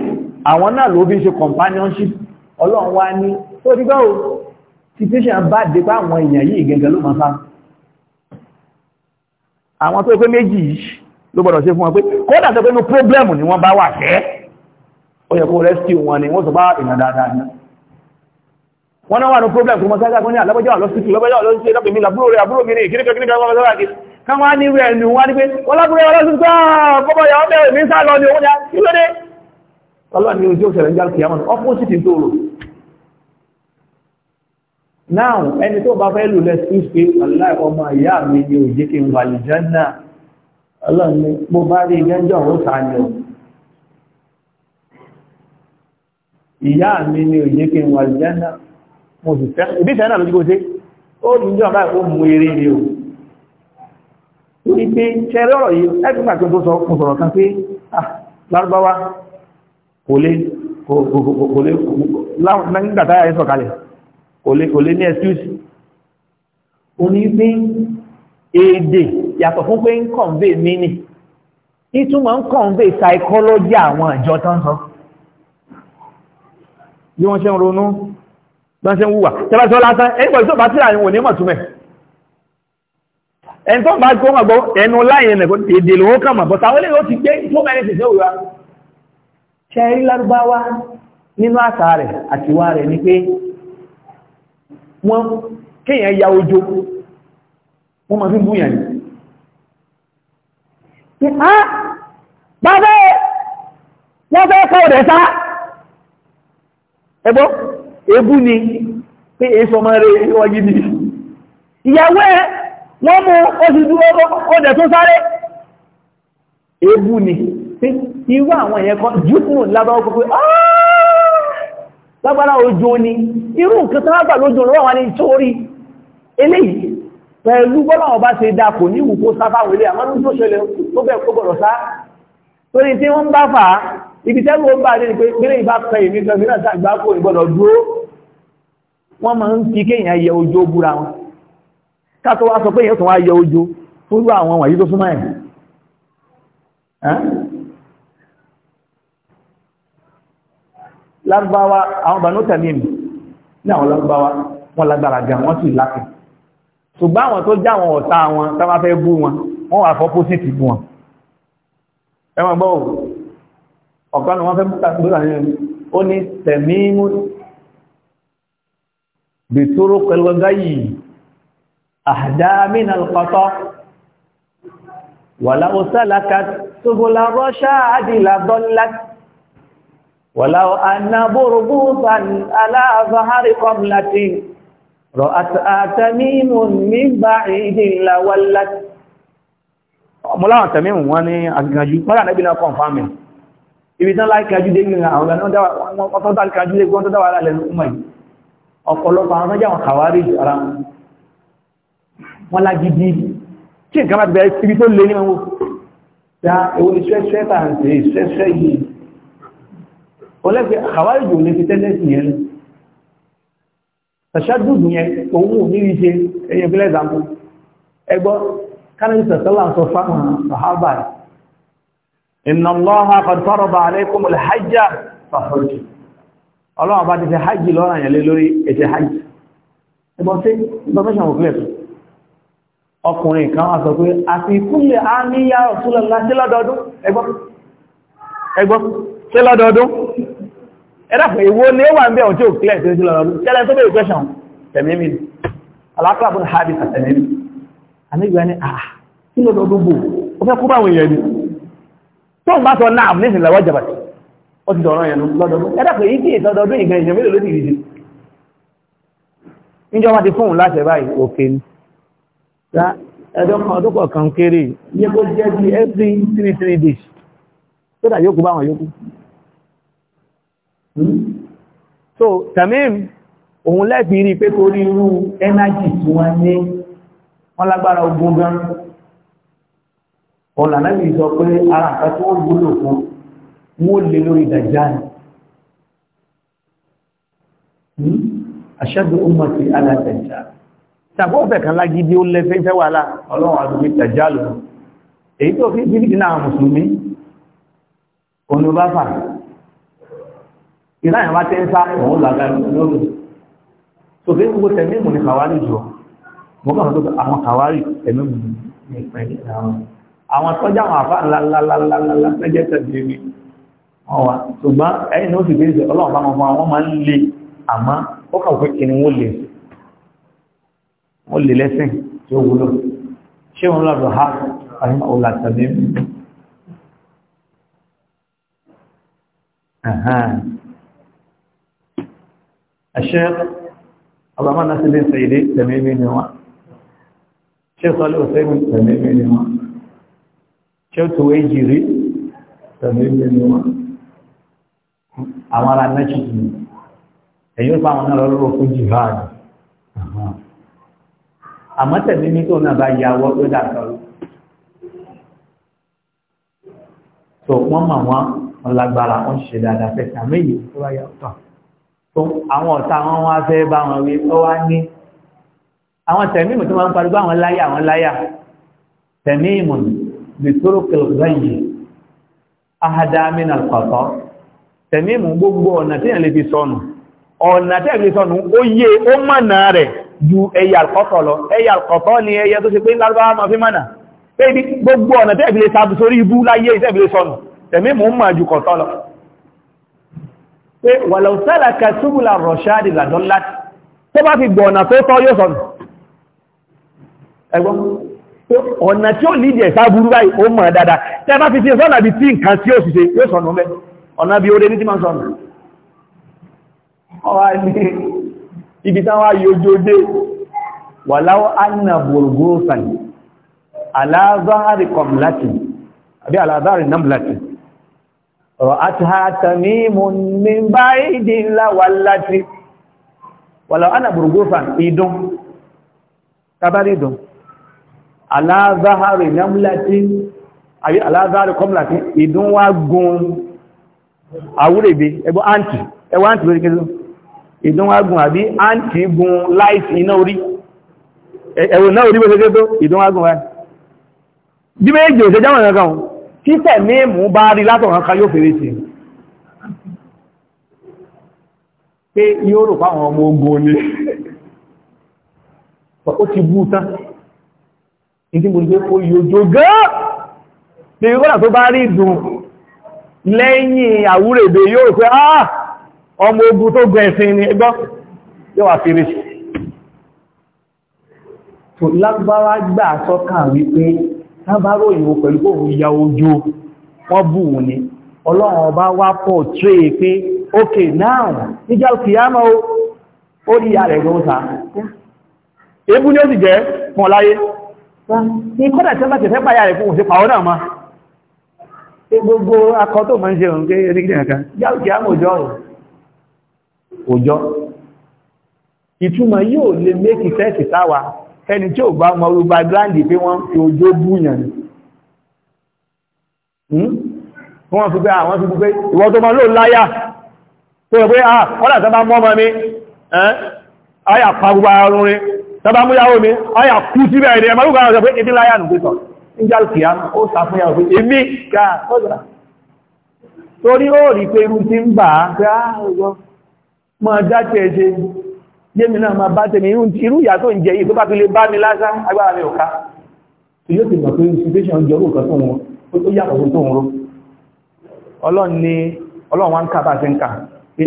Speaker 2: àwọn náà ló bí ṣe companionship ọlọ́run wá ní tó dígbà ó situation bá dé bá àwọn èèyàn yìí gẹ́gẹ́ ló máa sá àwọn tó pé méjì ló gbọ́dọ̀ ṣe fún wọn pé kọ́dà tó pé ní problem ni wọ́n bá wà fẹ́ ó yẹ kó rescue wọn ni wọ́n sọ bá ah, èèyàn dáadáa wọ́n náà wà ní problem fún mọ́sájá kan ní àlábọ́jọ́ àlọ́sítì lọ́bọ́jọ́ àlọ́sítì lọ́pẹ̀ mi làbúrò rẹ̀ àbúrò mi ní ìkíríkà kíríkà wọ́n lọ́wọ́ àti káwọn ní rẹ̀ ní wọ́n ní pé wọ́n lábúrò rẹ̀ lọ́sítì bọ́bọ̀ yà ọ́bẹ̀ mi sá lọ ní owó ní kílódé ọlọ́ ni ojú òṣèlú ìjà kìí àwọn opposite tó rò now ẹni tó bá fẹ́ lù lẹ́ sí pé aláì ọmọ ìyá mi ni òjé kí n wà lè jẹ́nà ọlọ́ni mo bá rí gẹ́jọ́ òun sàánì ìyá mi ni òjé kí n wà lè jẹ́nà mo sì fẹ́ ìbí fẹ́ náà ló jíkó sí ó ní ìjọ àbáyé ó mú eré ni o torí pé ṣẹlẹ̀ ọ̀rọ̀ yìí ẹgbẹ́ ìgbà tó sọ mo sọ̀rọ̀ kan pé ah, lárúbáwá kò lè kò lè nígbà táyà yẹn sọ̀kalẹ̀ kò lè ní excuse ó ní pé èdè yàtọ̀ fún pé ń convey meaning ìtumọ̀ ń convey psychology àwọn ìjọ tó ń sọ bí wọ́n ṣe ń ronú bá ṣe ń wúwà tẹ́bá tí ó lásán ẹgbẹ̀ tó bá tí àyín wò ní mọ̀túnmẹ̀ ẹni tó bá gbọ́n àgbọ́ ẹnu láyé ẹ̀nẹ̀kọ́ èdè lówó kàmà bọ́ta ó lè ó ti gbé tó mẹ́rin sì sẹ́wò ṣe rí lárúbáwá nínú àṣà rẹ̀ àti rẹ̀ ni pé wọ́n kéèyàn ya ojo wọ́n máa fi búyàn ni bàbá wọ́n fẹ́ ẹgbọ́n ebú ni pé èsọmọ rẹ̀ wọ́gí ni ìyàwó ẹ̀ wọ́n mú oṣù dúró ọdẹ̀ tó sáré ebú ni pé irú àwọn èèyàn kan jùkùnù lábáwọ́ pé lágbára ojú ni irú nǹkan tó lágbà lójú lọ́wọ́ wọn ni torí eléyìí pẹ̀lú bọ́lá ọba ṣe dá kò ní ìwò kó sáfáwọlé àmọ́ tó ṣẹlẹ̀ tó bẹ̀ bọ̀rọ̀ sá torí tí wọ́n bá fàá ibi tẹ́lú ó ń bá ní pé pínlẹ̀ ìbá pẹ ìmí gan mìíràn tàgbà kò ìgbọ́dọ̀ dúró wọ́n máa ń fi kéèyàn yẹ ojú búra wọn kátó wá sọ pé èyàn tó wá yẹ ojú fún lú àwọn wàyí tó súnmọ́ ẹ̀ lárúbáwá àwọn bànú tẹ̀lé mi ní àwọn lárúbáwá wọn lágbára gan wọn sì lápẹ̀ ṣùgbọ́n àwọn tó já àwọn ọ̀tá wọn tá wá fẹ́ bú wọn wọ́n wà fọ́pọ́sìtì bú wọn ẹ̀wọ̀n gbọ́ ọ̀kan wọn fẹ́ mútàkùnlá ní ó ní tẹ̀mímú bí túrú pẹ̀lúgbáyì àdámínà lọ́pọ̀tọ́ wàlá òsàlákà tóbólà rọ́ṣà àdìlà dọ́lá wàlá ànàbórògbóhùn aláàbáhárí kọmlátí rọ̀ àtàmímú nígbà ìdínlá wàlá mọ́láwọn tẹ̀mímú wọn ní agbìyànjú ibi tán láìkájú dé gbìyàn àwọn ọ̀tọ́ dáìkájú dé gbọ́n tó dáwà alẹ́ lókùnmọ̀ yìí ọ̀pọ̀lọpọ̀ àwọn ọjọ́ àwọn kàwárí ara wọn lágídí kí nǹkan bá bẹ̀rẹ̀ ibi tó lé níwọ̀n ya ewu ni ṣẹ́ṣẹ́ tàǹtẹ̀ ṣẹ́ṣẹ́ yìí ọlẹ́gbẹ̀ kàwárí jù ní fi tẹ́lẹ̀ sí yẹn ṣàṣàdùdù yẹn òun ò ní ṣe ẹyẹ bí lẹ́zàmù ẹgbọ́ kánẹ́sì sọ̀tọ́lá sọ fáwọn sàhábà inna الله قد farada عليكم الحج fahujju ọlọ́run bá ti fi hajji lọ́rọ̀ àyànlé lórí ètè hajji ẹgbọ́n sí information of clear ọkùnrin kan wá sọ pé àti ìkúnlẹ̀ a ní yá Rasulullah sí lọ́dọọdún ẹgbọ́n sí lọ́dọọdún ẹ̀dàpọ̀ ìwó ni ó wà ń bẹ́ tó ń bá sọ náà ní ìsìnlẹ̀ wọ́n jẹ̀bàtì ó ti dọ̀rọ̀ yẹnu lọ́dọọdún ẹ̀dàpẹ̀ yìí kí ìsọdọọdún ìgbẹ̀yìn ìyẹn mélòó ló sì rìdì níjọba ti fóun láṣẹ báyìí òkè ni ẹ̀dọ́kan ọdún kọ̀ọ̀kan kéré yẹ kó jẹ́ bí every three three days tó dà yókù báwọn yókù hmm? so Tamim òun lẹ́ẹ̀fì rí pé torí irú energy tí wọ́n ní wọ́n lágbára ogun gan-an wọn lànà mi sọ pé ara àká tí wọ́n wúlò fún wọ́n lè lórí ìdájá ni aṣáájú ọmọ ti alájàjá tàbí ọ̀fẹ́ kan lágídí ó lẹ́fẹ́ fẹ́ wà láà ọlọ́run àdúgbé tàjá lọ èyí tó fi bíbí dínà mùsùlùmí ònú bá fà ìlànà wá tẹ́ ń sá òun làgbà lórí tó fi gbogbo tẹ̀mí mù ní kàwárì jù mọ́ kàwọn kàwárì tẹ̀mí mù ní ìpínlẹ̀ àwọn àwọn tọ́jà àwọn àfá ńláńláńláńlá tẹ́jẹ́ tẹ̀lé mi wọ́n wà ṣùgbọ́n ẹ̀yìn ló sì bí ìṣẹ̀ ọlọ́run bá wọn fún àwọn máa ń le àmọ́ ó kà pé kí ni wọ́n lè wọ́n lè lẹ́sìn tí ó wúlò ṣé wọn lọ́dọ̀ ha àyìn ọ̀la tẹ̀lé mi. الشيخ عبد kyautawai jere da mimmin noma àwọn ará mẹ́ṣíkì ni èyí ó fáwọn náà lọ́rọ̀ fún jihad àmọ́ tẹ̀lé ní tóun náà bá ya ọwọ́ tó dàgbàrú tó wọ́n mọ̀ wọ́n wọn lágbára wọn ṣe dáadáa fẹ́ sàmì yìí tó bá yà ọ̀tọ̀ tó àwọn ọ̀tá wọn wá fẹ́ bá wọn wí ó wá ní àwọn tẹ̀mí ìmọ̀ tó máa ń pariwo àwọn láyà àwọn láyà tẹ̀mí ìmọ̀ nìyí bitorokil ghayi ahadamin alkọ̀tọ́ tẹ̀mímù gbogbo ọ̀nà tí yàn lè fi sọnù ọ̀nà tí yàn lè sọnù ó yé ó mọ̀nà rẹ̀ ju ẹyà alkọ̀tọ́ lọ ẹyà alkọ̀tọ́ ni ẹyẹ tó ṣe pé lárúbáwá ma fi mọ̀nà pé gbogbo ọ̀nà tí yàn fi lè sàbù sórí ibú láyé ìtẹ́ fi lè sọnù tẹ̀mímù ń mọ̀ ju kọ̀tọ́ lọ pé walau salaka subula rashadi ladallat tó bá fi gbọ̀nà tó tọ́ yóò sọnù ẹgbọ́n ọ̀nà tí ó lìdí ẹ̀sá burú báyìí ó mọ̀ dáadáa tẹ́ bá fi sí sọ́nà bí tí nǹkan tí ó sì ṣe yóò sọ̀nà mẹ́ ọ̀nà bí ó rẹ̀ ní tí máa sọ̀nà ọwá ní ibi táwà yóò dé wà láwọ́ anna burgosan aláàzọ́hárì kọmlátì àbí aláàzọ́hárì namlátì ọ̀rọ̀ àtàtàmí anna burgosan idun tabari idun aláàzáhàrì námúlátín àbí aláàzáhàrì kọmùláti ìdún wá gùn àwúrèbé ẹgbọ́ àǹtì ẹwọ́ àǹtì lórí kẹsùn ìdún wá gùn àbí àǹtì gùn láìsì iná orí ẹ̀wọ̀n náà orí bẹ́sẹ̀ tó ìdún wá gùn wá bí méjì òṣè jáwọn kankan tí tẹ̀mí mú ó ti bú tán ìdí mo jẹ́ kó yòjò gán bí i kọ́nà tó bá rí dùn lẹ́yìn àwúrèdè yóò pé ah ọmọ ogun tó gẹ ẹ̀sìn ni ẹgbọ́ yóò wà fi rí tó lágbára gbà sọ́kàn wípé lábárò ìwò pẹ̀lú kò ya ojú wọ́n bù ní ọlọ́run ọba wá pọ̀ tré pé ok now ó rí ni ó sì ní kọ́dà tí wọ́n bá fẹ́ pàyà rẹ̀ fún òṣèpá ọ́ ma gbogbo akọ tó máa ń ṣe òun pé onígbìyàn kan yá òkè àmà òjò ọ̀rọ̀ òjò ìtumọ̀ yóò lè mékì fẹ́ẹ̀sì sáwà ẹni tí ò bá mọ orúgbà pé wọ́n fi òjò búyàn tọba múyàwó mi ọyà kú sí bẹ̀rẹ̀ ní ẹmọ́lúgbà ọjọ́ pé ibi láyà nùgbẹ́tọ̀ ìjá kìá ó sàfúnyàwó pé èmi ká ọjọ́ torí ó rí pé irú tí ń bà á pé ààrùn mọ́ dákẹ́ ṣe yémi náà máa bá tẹ̀mí irú ìyà tó ń jẹ yìí tó bá fi lè bá mi lásán agbára ọlọ́run ni ọlọ́run wá ń kà bá ti ń kà pé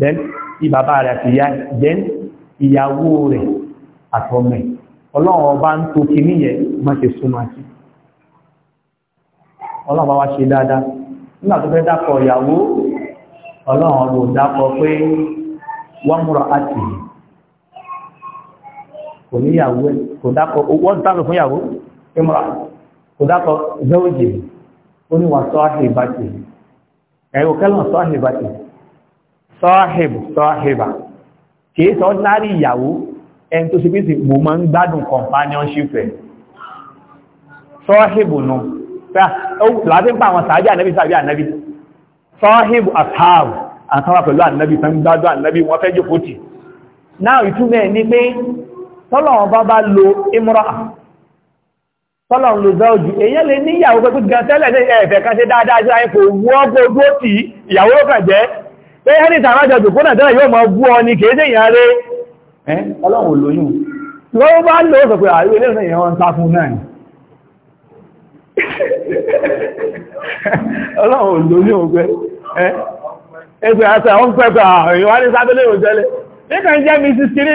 Speaker 2: then ibàbá rẹ̀ àti then ìyàwó rẹ̀ àtọ́mẹ̀ ọlọọrụ ọba ń tó kí níyẹ má ṣe súnmọ́ wá ṣe dáadáa nígbà tó fẹ́ dákọ̀ ìyàwó ọlọ́run ọba dákọ̀ pé wọ́n múra àti kò níyàwó ẹ̀ kò dákọ̀ dákọ̀ kò dákọ̀ kìí sọ lárí ìyàwó ẹni tó ṣe pé mo máa ń gbádùn companionship ẹ̀ sọ́ọ́hìbù nù láti ń pa àwọn sàájá ànábì sàájá ànábì sọ́ọ́hìbù àtàwù àtàwà pẹ̀lú ànábì tán gbádùn ànábì wọ́n fẹ́ jòkó tì náà ìtúmẹ̀ ní pé tọ́lọ̀wọ́n bá bá lo imra tọ́lọ̀wọ́n lo zaojú èyàn lè ní ìyàwó pẹ́kú gan tẹ́lẹ̀ ní ẹ̀ẹ̀fẹ̀ kan ṣe dáadáa sí ayé kò wọ́gbogbo tí ìyàwó kàn jẹ́ pé ẹni tàbájọ tó kónà tẹ́lẹ̀ yóò máa bú ọ ní ọlọ́run olóyún bá lọ sọ pé àríwẹ̀ lẹ́rìn èèyàn wọn sá fún náà
Speaker 1: *laughs*
Speaker 2: ọlọ́run olóyún ọgbẹ́ ẹgbẹ́ àti àwọn pẹ́pẹ́ ní sábẹ́lẹ̀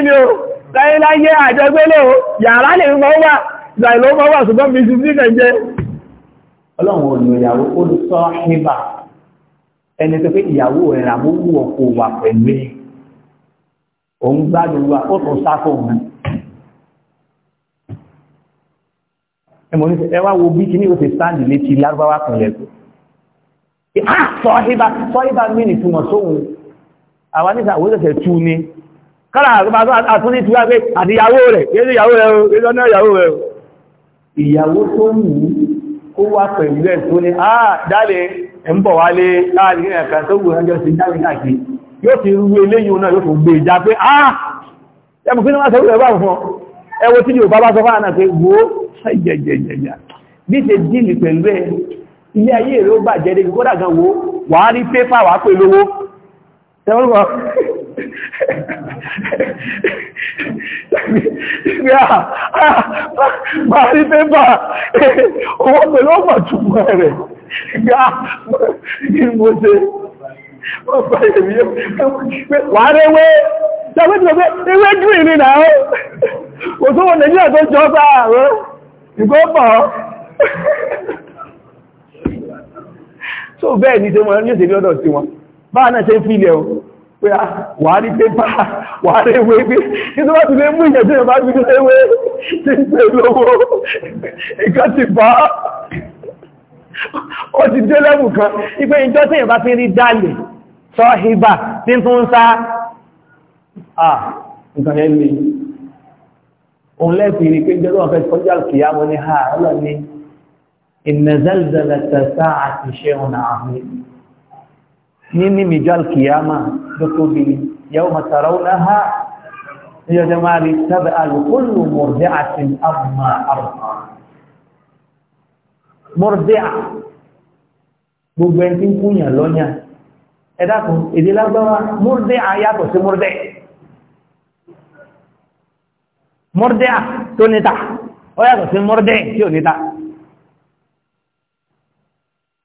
Speaker 2: òjẹ́lẹ̀ ẹni tó pé ìyàwó rẹ̀ rà mọ́ wù ọkọ̀ wà pẹ̀lú ẹ̀ òun gbádùn wa ó tún sá fún òun ẹmọ ní ẹ wá wo bí kí ní o ti sáàdì létí lárúbáwá kan lẹ́kọ̀ọ́ sọ́híbá ah, sọ́híbá mí ní túmọ̀ sóhun àwọn nígbà wo ṣẹ̀ṣẹ̀ tú ni kára àtúndí tú wá pé àdìyàwó rẹ̀ yéé ìyàwó rẹ̀ o yéé lọ́nà ìyàwó rẹ̀ o ìyàwó tó wù ó wá pẹ̀lú ẹ̀ tó ní ah dálé ẹ̀mbọ̀ wálé láàrin ẹ̀kà tó wù ẹjọ́ sí jáwé káàkiri yóò fi rú eléyìn náà yóò fi gbé ìjà pé ah ẹmù kí ní wọ́n sọ wúrẹ̀ bá fún ẹwọ tí yóò bá bá sọ fáànà pé wo ṣẹ́jẹjẹjẹjẹ bí ṣe dìlì pẹ̀lú ẹ ilé ayé rẹ̀ ó bà jẹ́ débi kódà gan wo wà á rí pépà wà pé lówó
Speaker 1: Wọ́n pẹ̀lú ọmọ túnmọ̀ rẹ̀ gbá
Speaker 2: ìmọ̀ṣe ọ̀pá èmi wà rẹwé tàbíjọpẹ́ ewé green ní náà kò sówò nàìjíríà tó jọ sáàrọ̀ ìgbọ́pọ̀ tó bẹ́ẹ̀ ní tẹ́ wọ́n ní ìsẹ̀lẹ̀ ọ̀dọ̀ sí wọn bá náà tẹ́ fílẹ̀ o pé ah, wà rí pépà wà rí ewé pé kí tó bá ti lè mú ìyẹ̀tẹ́ *laughs* ó ti dé lẹ́bù kan ipé ìjọ tí ìyàbá fi rí dálẹ̀ sọ ìbà tí tún ń sá nǹkan yẹn lè òun lẹ́fì rí pé jẹ́lọ́ ọ̀fẹ́ kọjá kìí àwọn ní ha ọlọ́ ní inna zalzalata sa'ati shay'un 'azim nini mijal kiyama mọ́rọ̀dẹ́à gbogbo ẹni tí ń kúnyàn lọ́nyà ẹ̀dàkùn èdè lágbára mọ́rọ̀dẹ́à yàtọ̀ sí mọ́rọ̀dẹ́ mọ́rọ̀dẹ́à tó níta ó yàtọ̀ sí mọ́rọ̀dẹ́ tí ò níta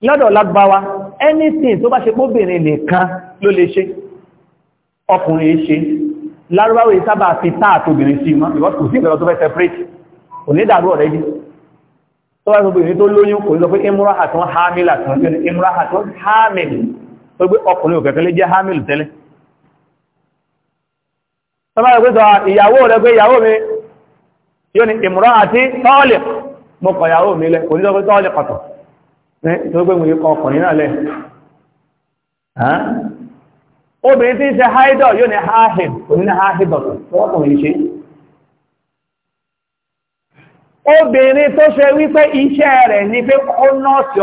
Speaker 2: lọ́dọ̀ lágbára anything tó bá ṣe póbìnrin nìkan ló lè ṣe ọkùnrin ṣe lárúbáwé sábà fi táà tóbìnrin sí mọ́ ìwọ́n kò sí ìgbẹ̀rọ tó fẹ́ separate onídàrú ọ̀rẹ́dì tó wá gbogbo ìrìn tó lóyún kò sọ pé imra àtún hamila kan ní imra àtún hamil tó gbé ọkùnrin òkẹ̀kẹ́ lé jẹ́ hamil tẹ́lẹ̀ tó bá gbé sọ ìyàwó rẹ̀ pé ìyàwó mi yóò ní imra àti tọ́ọ̀lẹ̀ mọ́ kọ ìyàwó mi lẹ kò ní sọ pé tọ́ọ̀lẹ̀ kọ̀tọ̀ tó gbé mú ikọ̀ ọkùnrin náà lẹ obìnrin tí ń ṣe haidọ̀ yóò ní hahid kò ní hahidọ̀ tó wọ́pọ̀ mi obìnrin tó ṣe wípé iṣẹ́ rẹ̀ ní pé kó nọ́ọ̀sì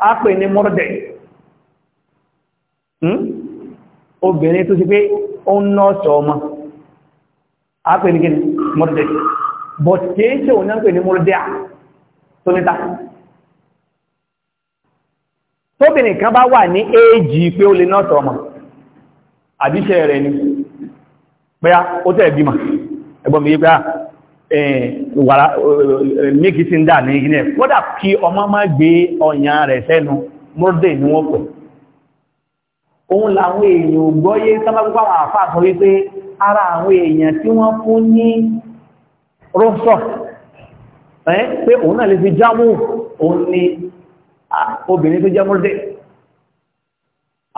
Speaker 2: a pè ní mọ́rọ̀dẹ̀ hmm? obìnrin tó ṣe pé ó nọ́ọ̀sì ọmọ a pè ní ṣe òun pè ní mọ́rọ̀dẹ̀ tó níta tóbìnrin kan bá wà ní éèjì pé ó lè nọ́ọ̀sì ọmọ rẹ̀ ni pé ó tẹ̀ bímọ ẹgbọ́n mi yí pé ah, Eh, eh, míkì tí ń dà ní ilẹ̀ kódà kí ọmọ má gbé ọyàn rẹ̀ sẹ́nu mọ́dé ní wọ́n pẹ̀ òun làwọn èèyàn gbọ́yé sábàgbà àwọn àfáà sọ wípé ara àwọn èèyàn tí wọ́n fún ní rọ́sọ̀ eh, pé òun náà lè fi jámù òun ni ah, obìnrin tó jẹ́ mọ́dé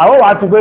Speaker 2: àwọn wà á tún pé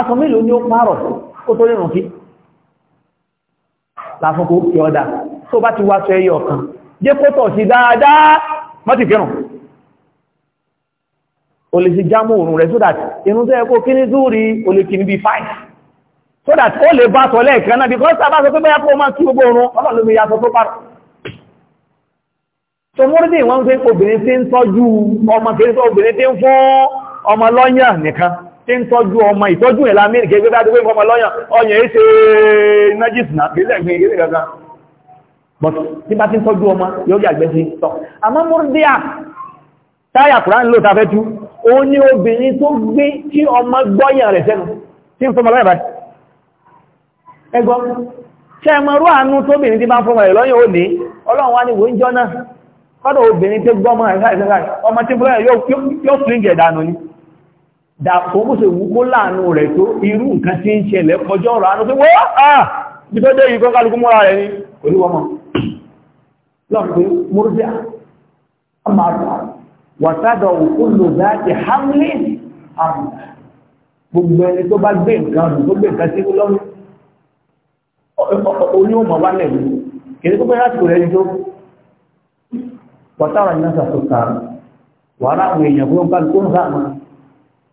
Speaker 2: aṣọ mélòó ni ó pààrọ̀ ó tó rìnrùn kí láfúnkó kí ọ́dá tó bá ti wá sọ ẹyọ ọ̀kan jẹ́ kó tọ̀ sí dáadáa mọ́tì kírùn o lè sí jámù òrùn rẹ̀ so that inú tẹ́ kó kí ní zúrí o lè kí ní bí 5 so that ó lè bá sọ lẹ́ẹ̀kan náà because tàbá sọ pé bẹ́yà kó máa kí gbogbo òrùn ọlọ́lọ́mí yasọ tó pàrọ̀ so múrídì wọ́n ń pé obìnrin tí ń tọ́jú ọmọ kìí sọ obìnrin tí ń fún ọmọ lọ́yàn nìkan tí ń tọ́jú ọmọ ìtọ́jú ìlà mìíràn gẹ́gẹ́ bá dúgbé ọmọ lọ́yàn ọyàn èé ṣe nájìsì náà gẹ́lẹ̀ gbé gẹ́gẹ́ gẹ́gẹ́ but tí bá ti ń tọ́jú ọmọ yóò yàgbẹ́ sí tọ́ àmọ́ múrúdíà táyà kùrán ló tafẹ́ tú ó ní obìnrin tó gbé kí ọmọ gbọ́yàn rẹ̀ sẹ́nu tí ń fọmọ lọ́yàn báyìí ẹgbọ́ ṣe ẹmọ rú àánú tóbìnrin tí bá ń fọmọ rẹ̀ lọ́yàn ó ní ọlọ́run wá ní wò ń jọ náà kọ́dọ̀ obìnrin tó gbọ́mọ rẹ̀ sáì sáì ọmọ tí bọ́yàn yóò fling ẹ̀dànù ni dàpọ̀ mú se wúkó láàánú rẹ̀ tó irú nǹkan tí ń ṣẹlẹ̀ kọjọ́ ọ̀rọ̀ anú pé wọ́n àà bí tó jẹ́ ìkọ́ kálukú mọ́ra rẹ̀ ní olúwọ́mọ́ lọ́pẹ́ múrúdíà àmàrà wàtádọ̀ òkúlò láti hamlin gbogbo ẹni tó bá gbé nǹkan tó gbé nǹkan wàtàrà ìyánsà tó kààrù wàrà àwọn èèyàn fún ọgbà ń sáà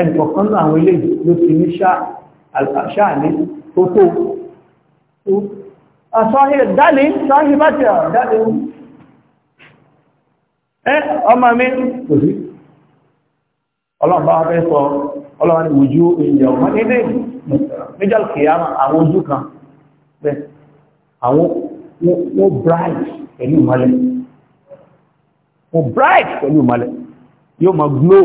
Speaker 2: ẹnìkọ̀kan náà àwọn ilé ló ti ní ṣáà ní tó tó dálé sáàrí bá ti àwọn dálé ẹ́ ọmọ mi kò sí ọlọ́pàá wá fẹ́ sọ ọlọ́wà ní ojú ìjẹ ọmọ nílé níjọ́ kìíyàmà àwọn ojú kan bẹ́ àwọn wọ́n bright pẹ̀lú ìmọ́lẹ̀ yóò máa glow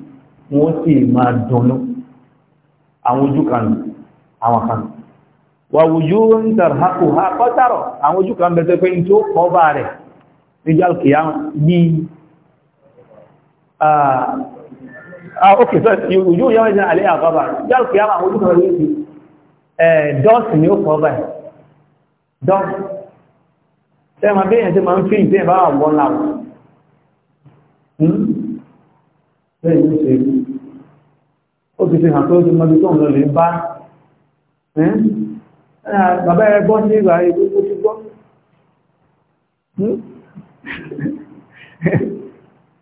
Speaker 2: wọ́n sì máa dùnnú àwọn ojú kan àwọn kan wà wùjú ń tàràkù ha pọ́tàrọ̀ àwọn ojú kan bẹ̀tẹ̀ pé tí ó kọ́ bá rẹ̀ níjá kìí bí ókè sọ ojú yọ́ ìjẹ́ àlẹ́ àkọ́bà níjá kìí àwọn ojú kan lórí dọ́ọ̀sì ni ó kọ́ ó ti hàn tó ti mọ́bí tó ń lọ lè bá bàbá ẹ gbọ́ sí ìgbà ìgbó tó ti gbọ́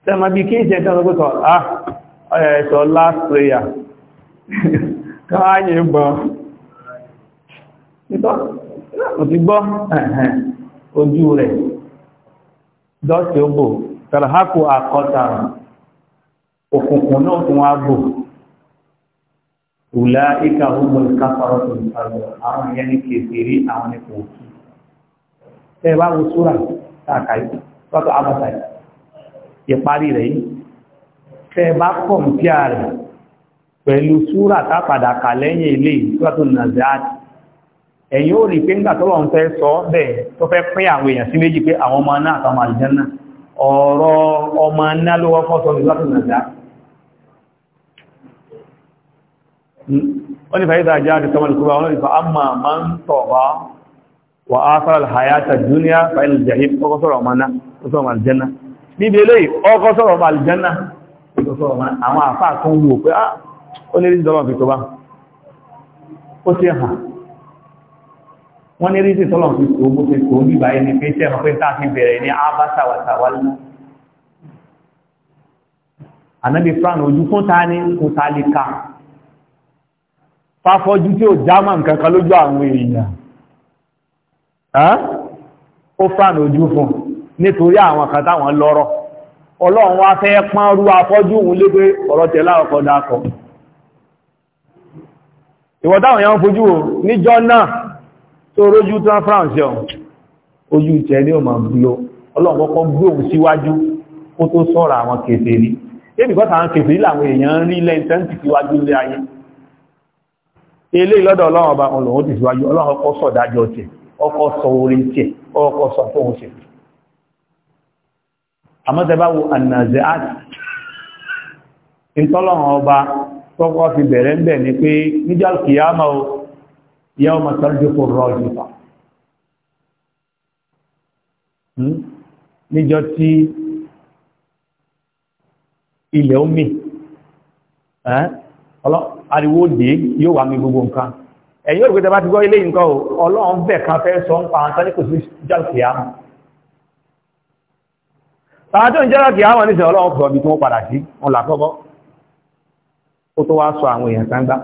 Speaker 2: tẹ́mà hmm? *laughs* bí kí ìṣẹ́ tẹ́lọ pẹ́tọ̀ ọ̀yà ẹ̀ṣọ́ last prayer káàyè gbọ́ nítọ́ ti gbọ́ ojú rẹ̀ dọ́sí ó bò tàràhákù àkọ́tàrà òkùnkùn náà tún wá bò ulaika humul kafaratul fajr àwọn yẹn ni kèfèrí àwọn ni kò kí tẹ́ bá wo súra táàkà yìí sọ́tọ̀ abọ́ta yìí ìparí rẹ̀ yìí tẹ́ bá pẹ̀lú súra tápadà lẹ́yìn ẹ̀yìn ó rí pé fẹ́ sọ bẹ́ẹ̀ tó fẹ́ pín àwọn èèyàn sí méjì pé àwọn ọmọ náà àtàwọn ọ̀rọ̀ ọmọ náà ló wọ́pọ̀ wọ́n ni fàíza jẹ́ àti sọmọ̀lù kúrò wọ́n ni fa amma ma ń tọ̀wá wà á sára àyàtà dúníà fàíl jahim ọkọ̀ sọ̀rọ̀ ọmọ náà ó sọ̀rọ̀ aljanna níbi eléyìí ọkọ̀ sọ̀rọ̀ ọmọ aljanna àwọn àfáà kan wù pé á ah, ó ní rí sọ́lọ̀ fi tó bá ó ti hàn wọ́n ní rí sí sọ́lọ̀ fi tó bó ti ah, fran ojú fún ta ní kò ta fáfọ́jú tí ó jámà nǹkan kan lójú àwọn èèyàn ó fàánà ojú fún nítorí àwọn kan táwọn lọ́rọ̀ ọlọ́run wá fẹ́ pán rú afọ́jú òun lépé ọ̀rọ̀ tẹ̀lá ọkọ̀ dákọ̀ ìwọ̀dáwọn yẹn ń fojú o níjọ́ náà tó rójú tán france ọ̀hún ojú ìtẹ́ ní ọmọ gbúlọ ọlọ́run kọ́kọ́ gbé òun síwájú kó tó sọ̀rọ̀ àwọn kèfèrí ébìkọ́ta àwọn kèfèrí làwọn èèyàn rí lẹ́ntẹ́ntì síwájú lé ayé ilé ìlọ́dọ̀ ọlọ́run ọba ọlọ́run ti síwájú ọlọ́run ọkọ̀ sọ dájọ́ tẹ̀ ọkọ̀ sọ orí ọkọ̀ sọ tó ń ṣe ànàzẹ́ àti ìtọ́lọ́run ọba tọ́kọ́ fi bẹ̀rẹ̀ ni pé ariwo dé yóò wà ní gbogbo nǹkan ẹ̀yìn ti gbọ́ ilé nǹkan o ọlọ́run bẹ̀ kan fẹ́ sọ ń pa àwọn tánìkò sí jálùkì àmà tàwọn tó ń jálùkì ọlọ́run fọ̀ bí tó ń padà sí wọn là kọ́kọ́ ó tó wá sọ àwọn èèyàn kan gbá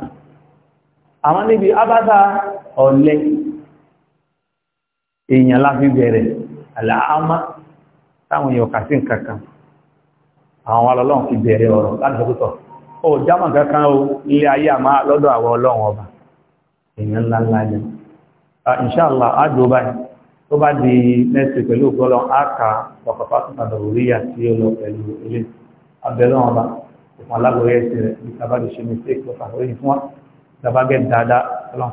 Speaker 2: àwọn níbi abáta èèyàn láfi bẹ̀rẹ̀ àlàámá táwọn èèyàn ó jámọ̀ kankan o ilé ayé àmá lọ́dọ̀ àwọn ọlọ́run ọba èèyàn ńlá ńlá ni inṣáàlá àjò báyìí tó bá di mẹ́sì pẹ̀lú ọgọ́lọ́ àkà ọ̀pọ̀pá tó padà orí àti ọlọ pẹ̀lú ilé abẹ́lọ́ ọba ìfún alágbóyè ẹsẹ̀ rẹ̀ bí sábà lè ṣe mistake lọ́pàá orí fún wa sábà gẹ́ dáadáa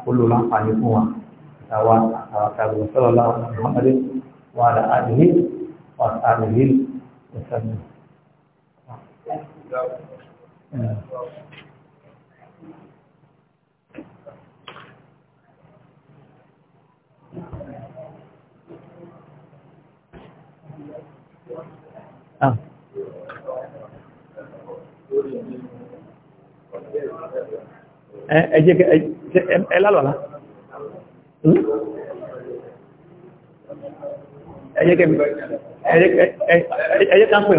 Speaker 2: ọlọ́run à. ẹ jẹ́ kẹ ẹ lálọ́lá
Speaker 1: ẹ jẹ́ kẹ ẹ jẹ́ kẹ ẹ jẹ́
Speaker 2: kẹ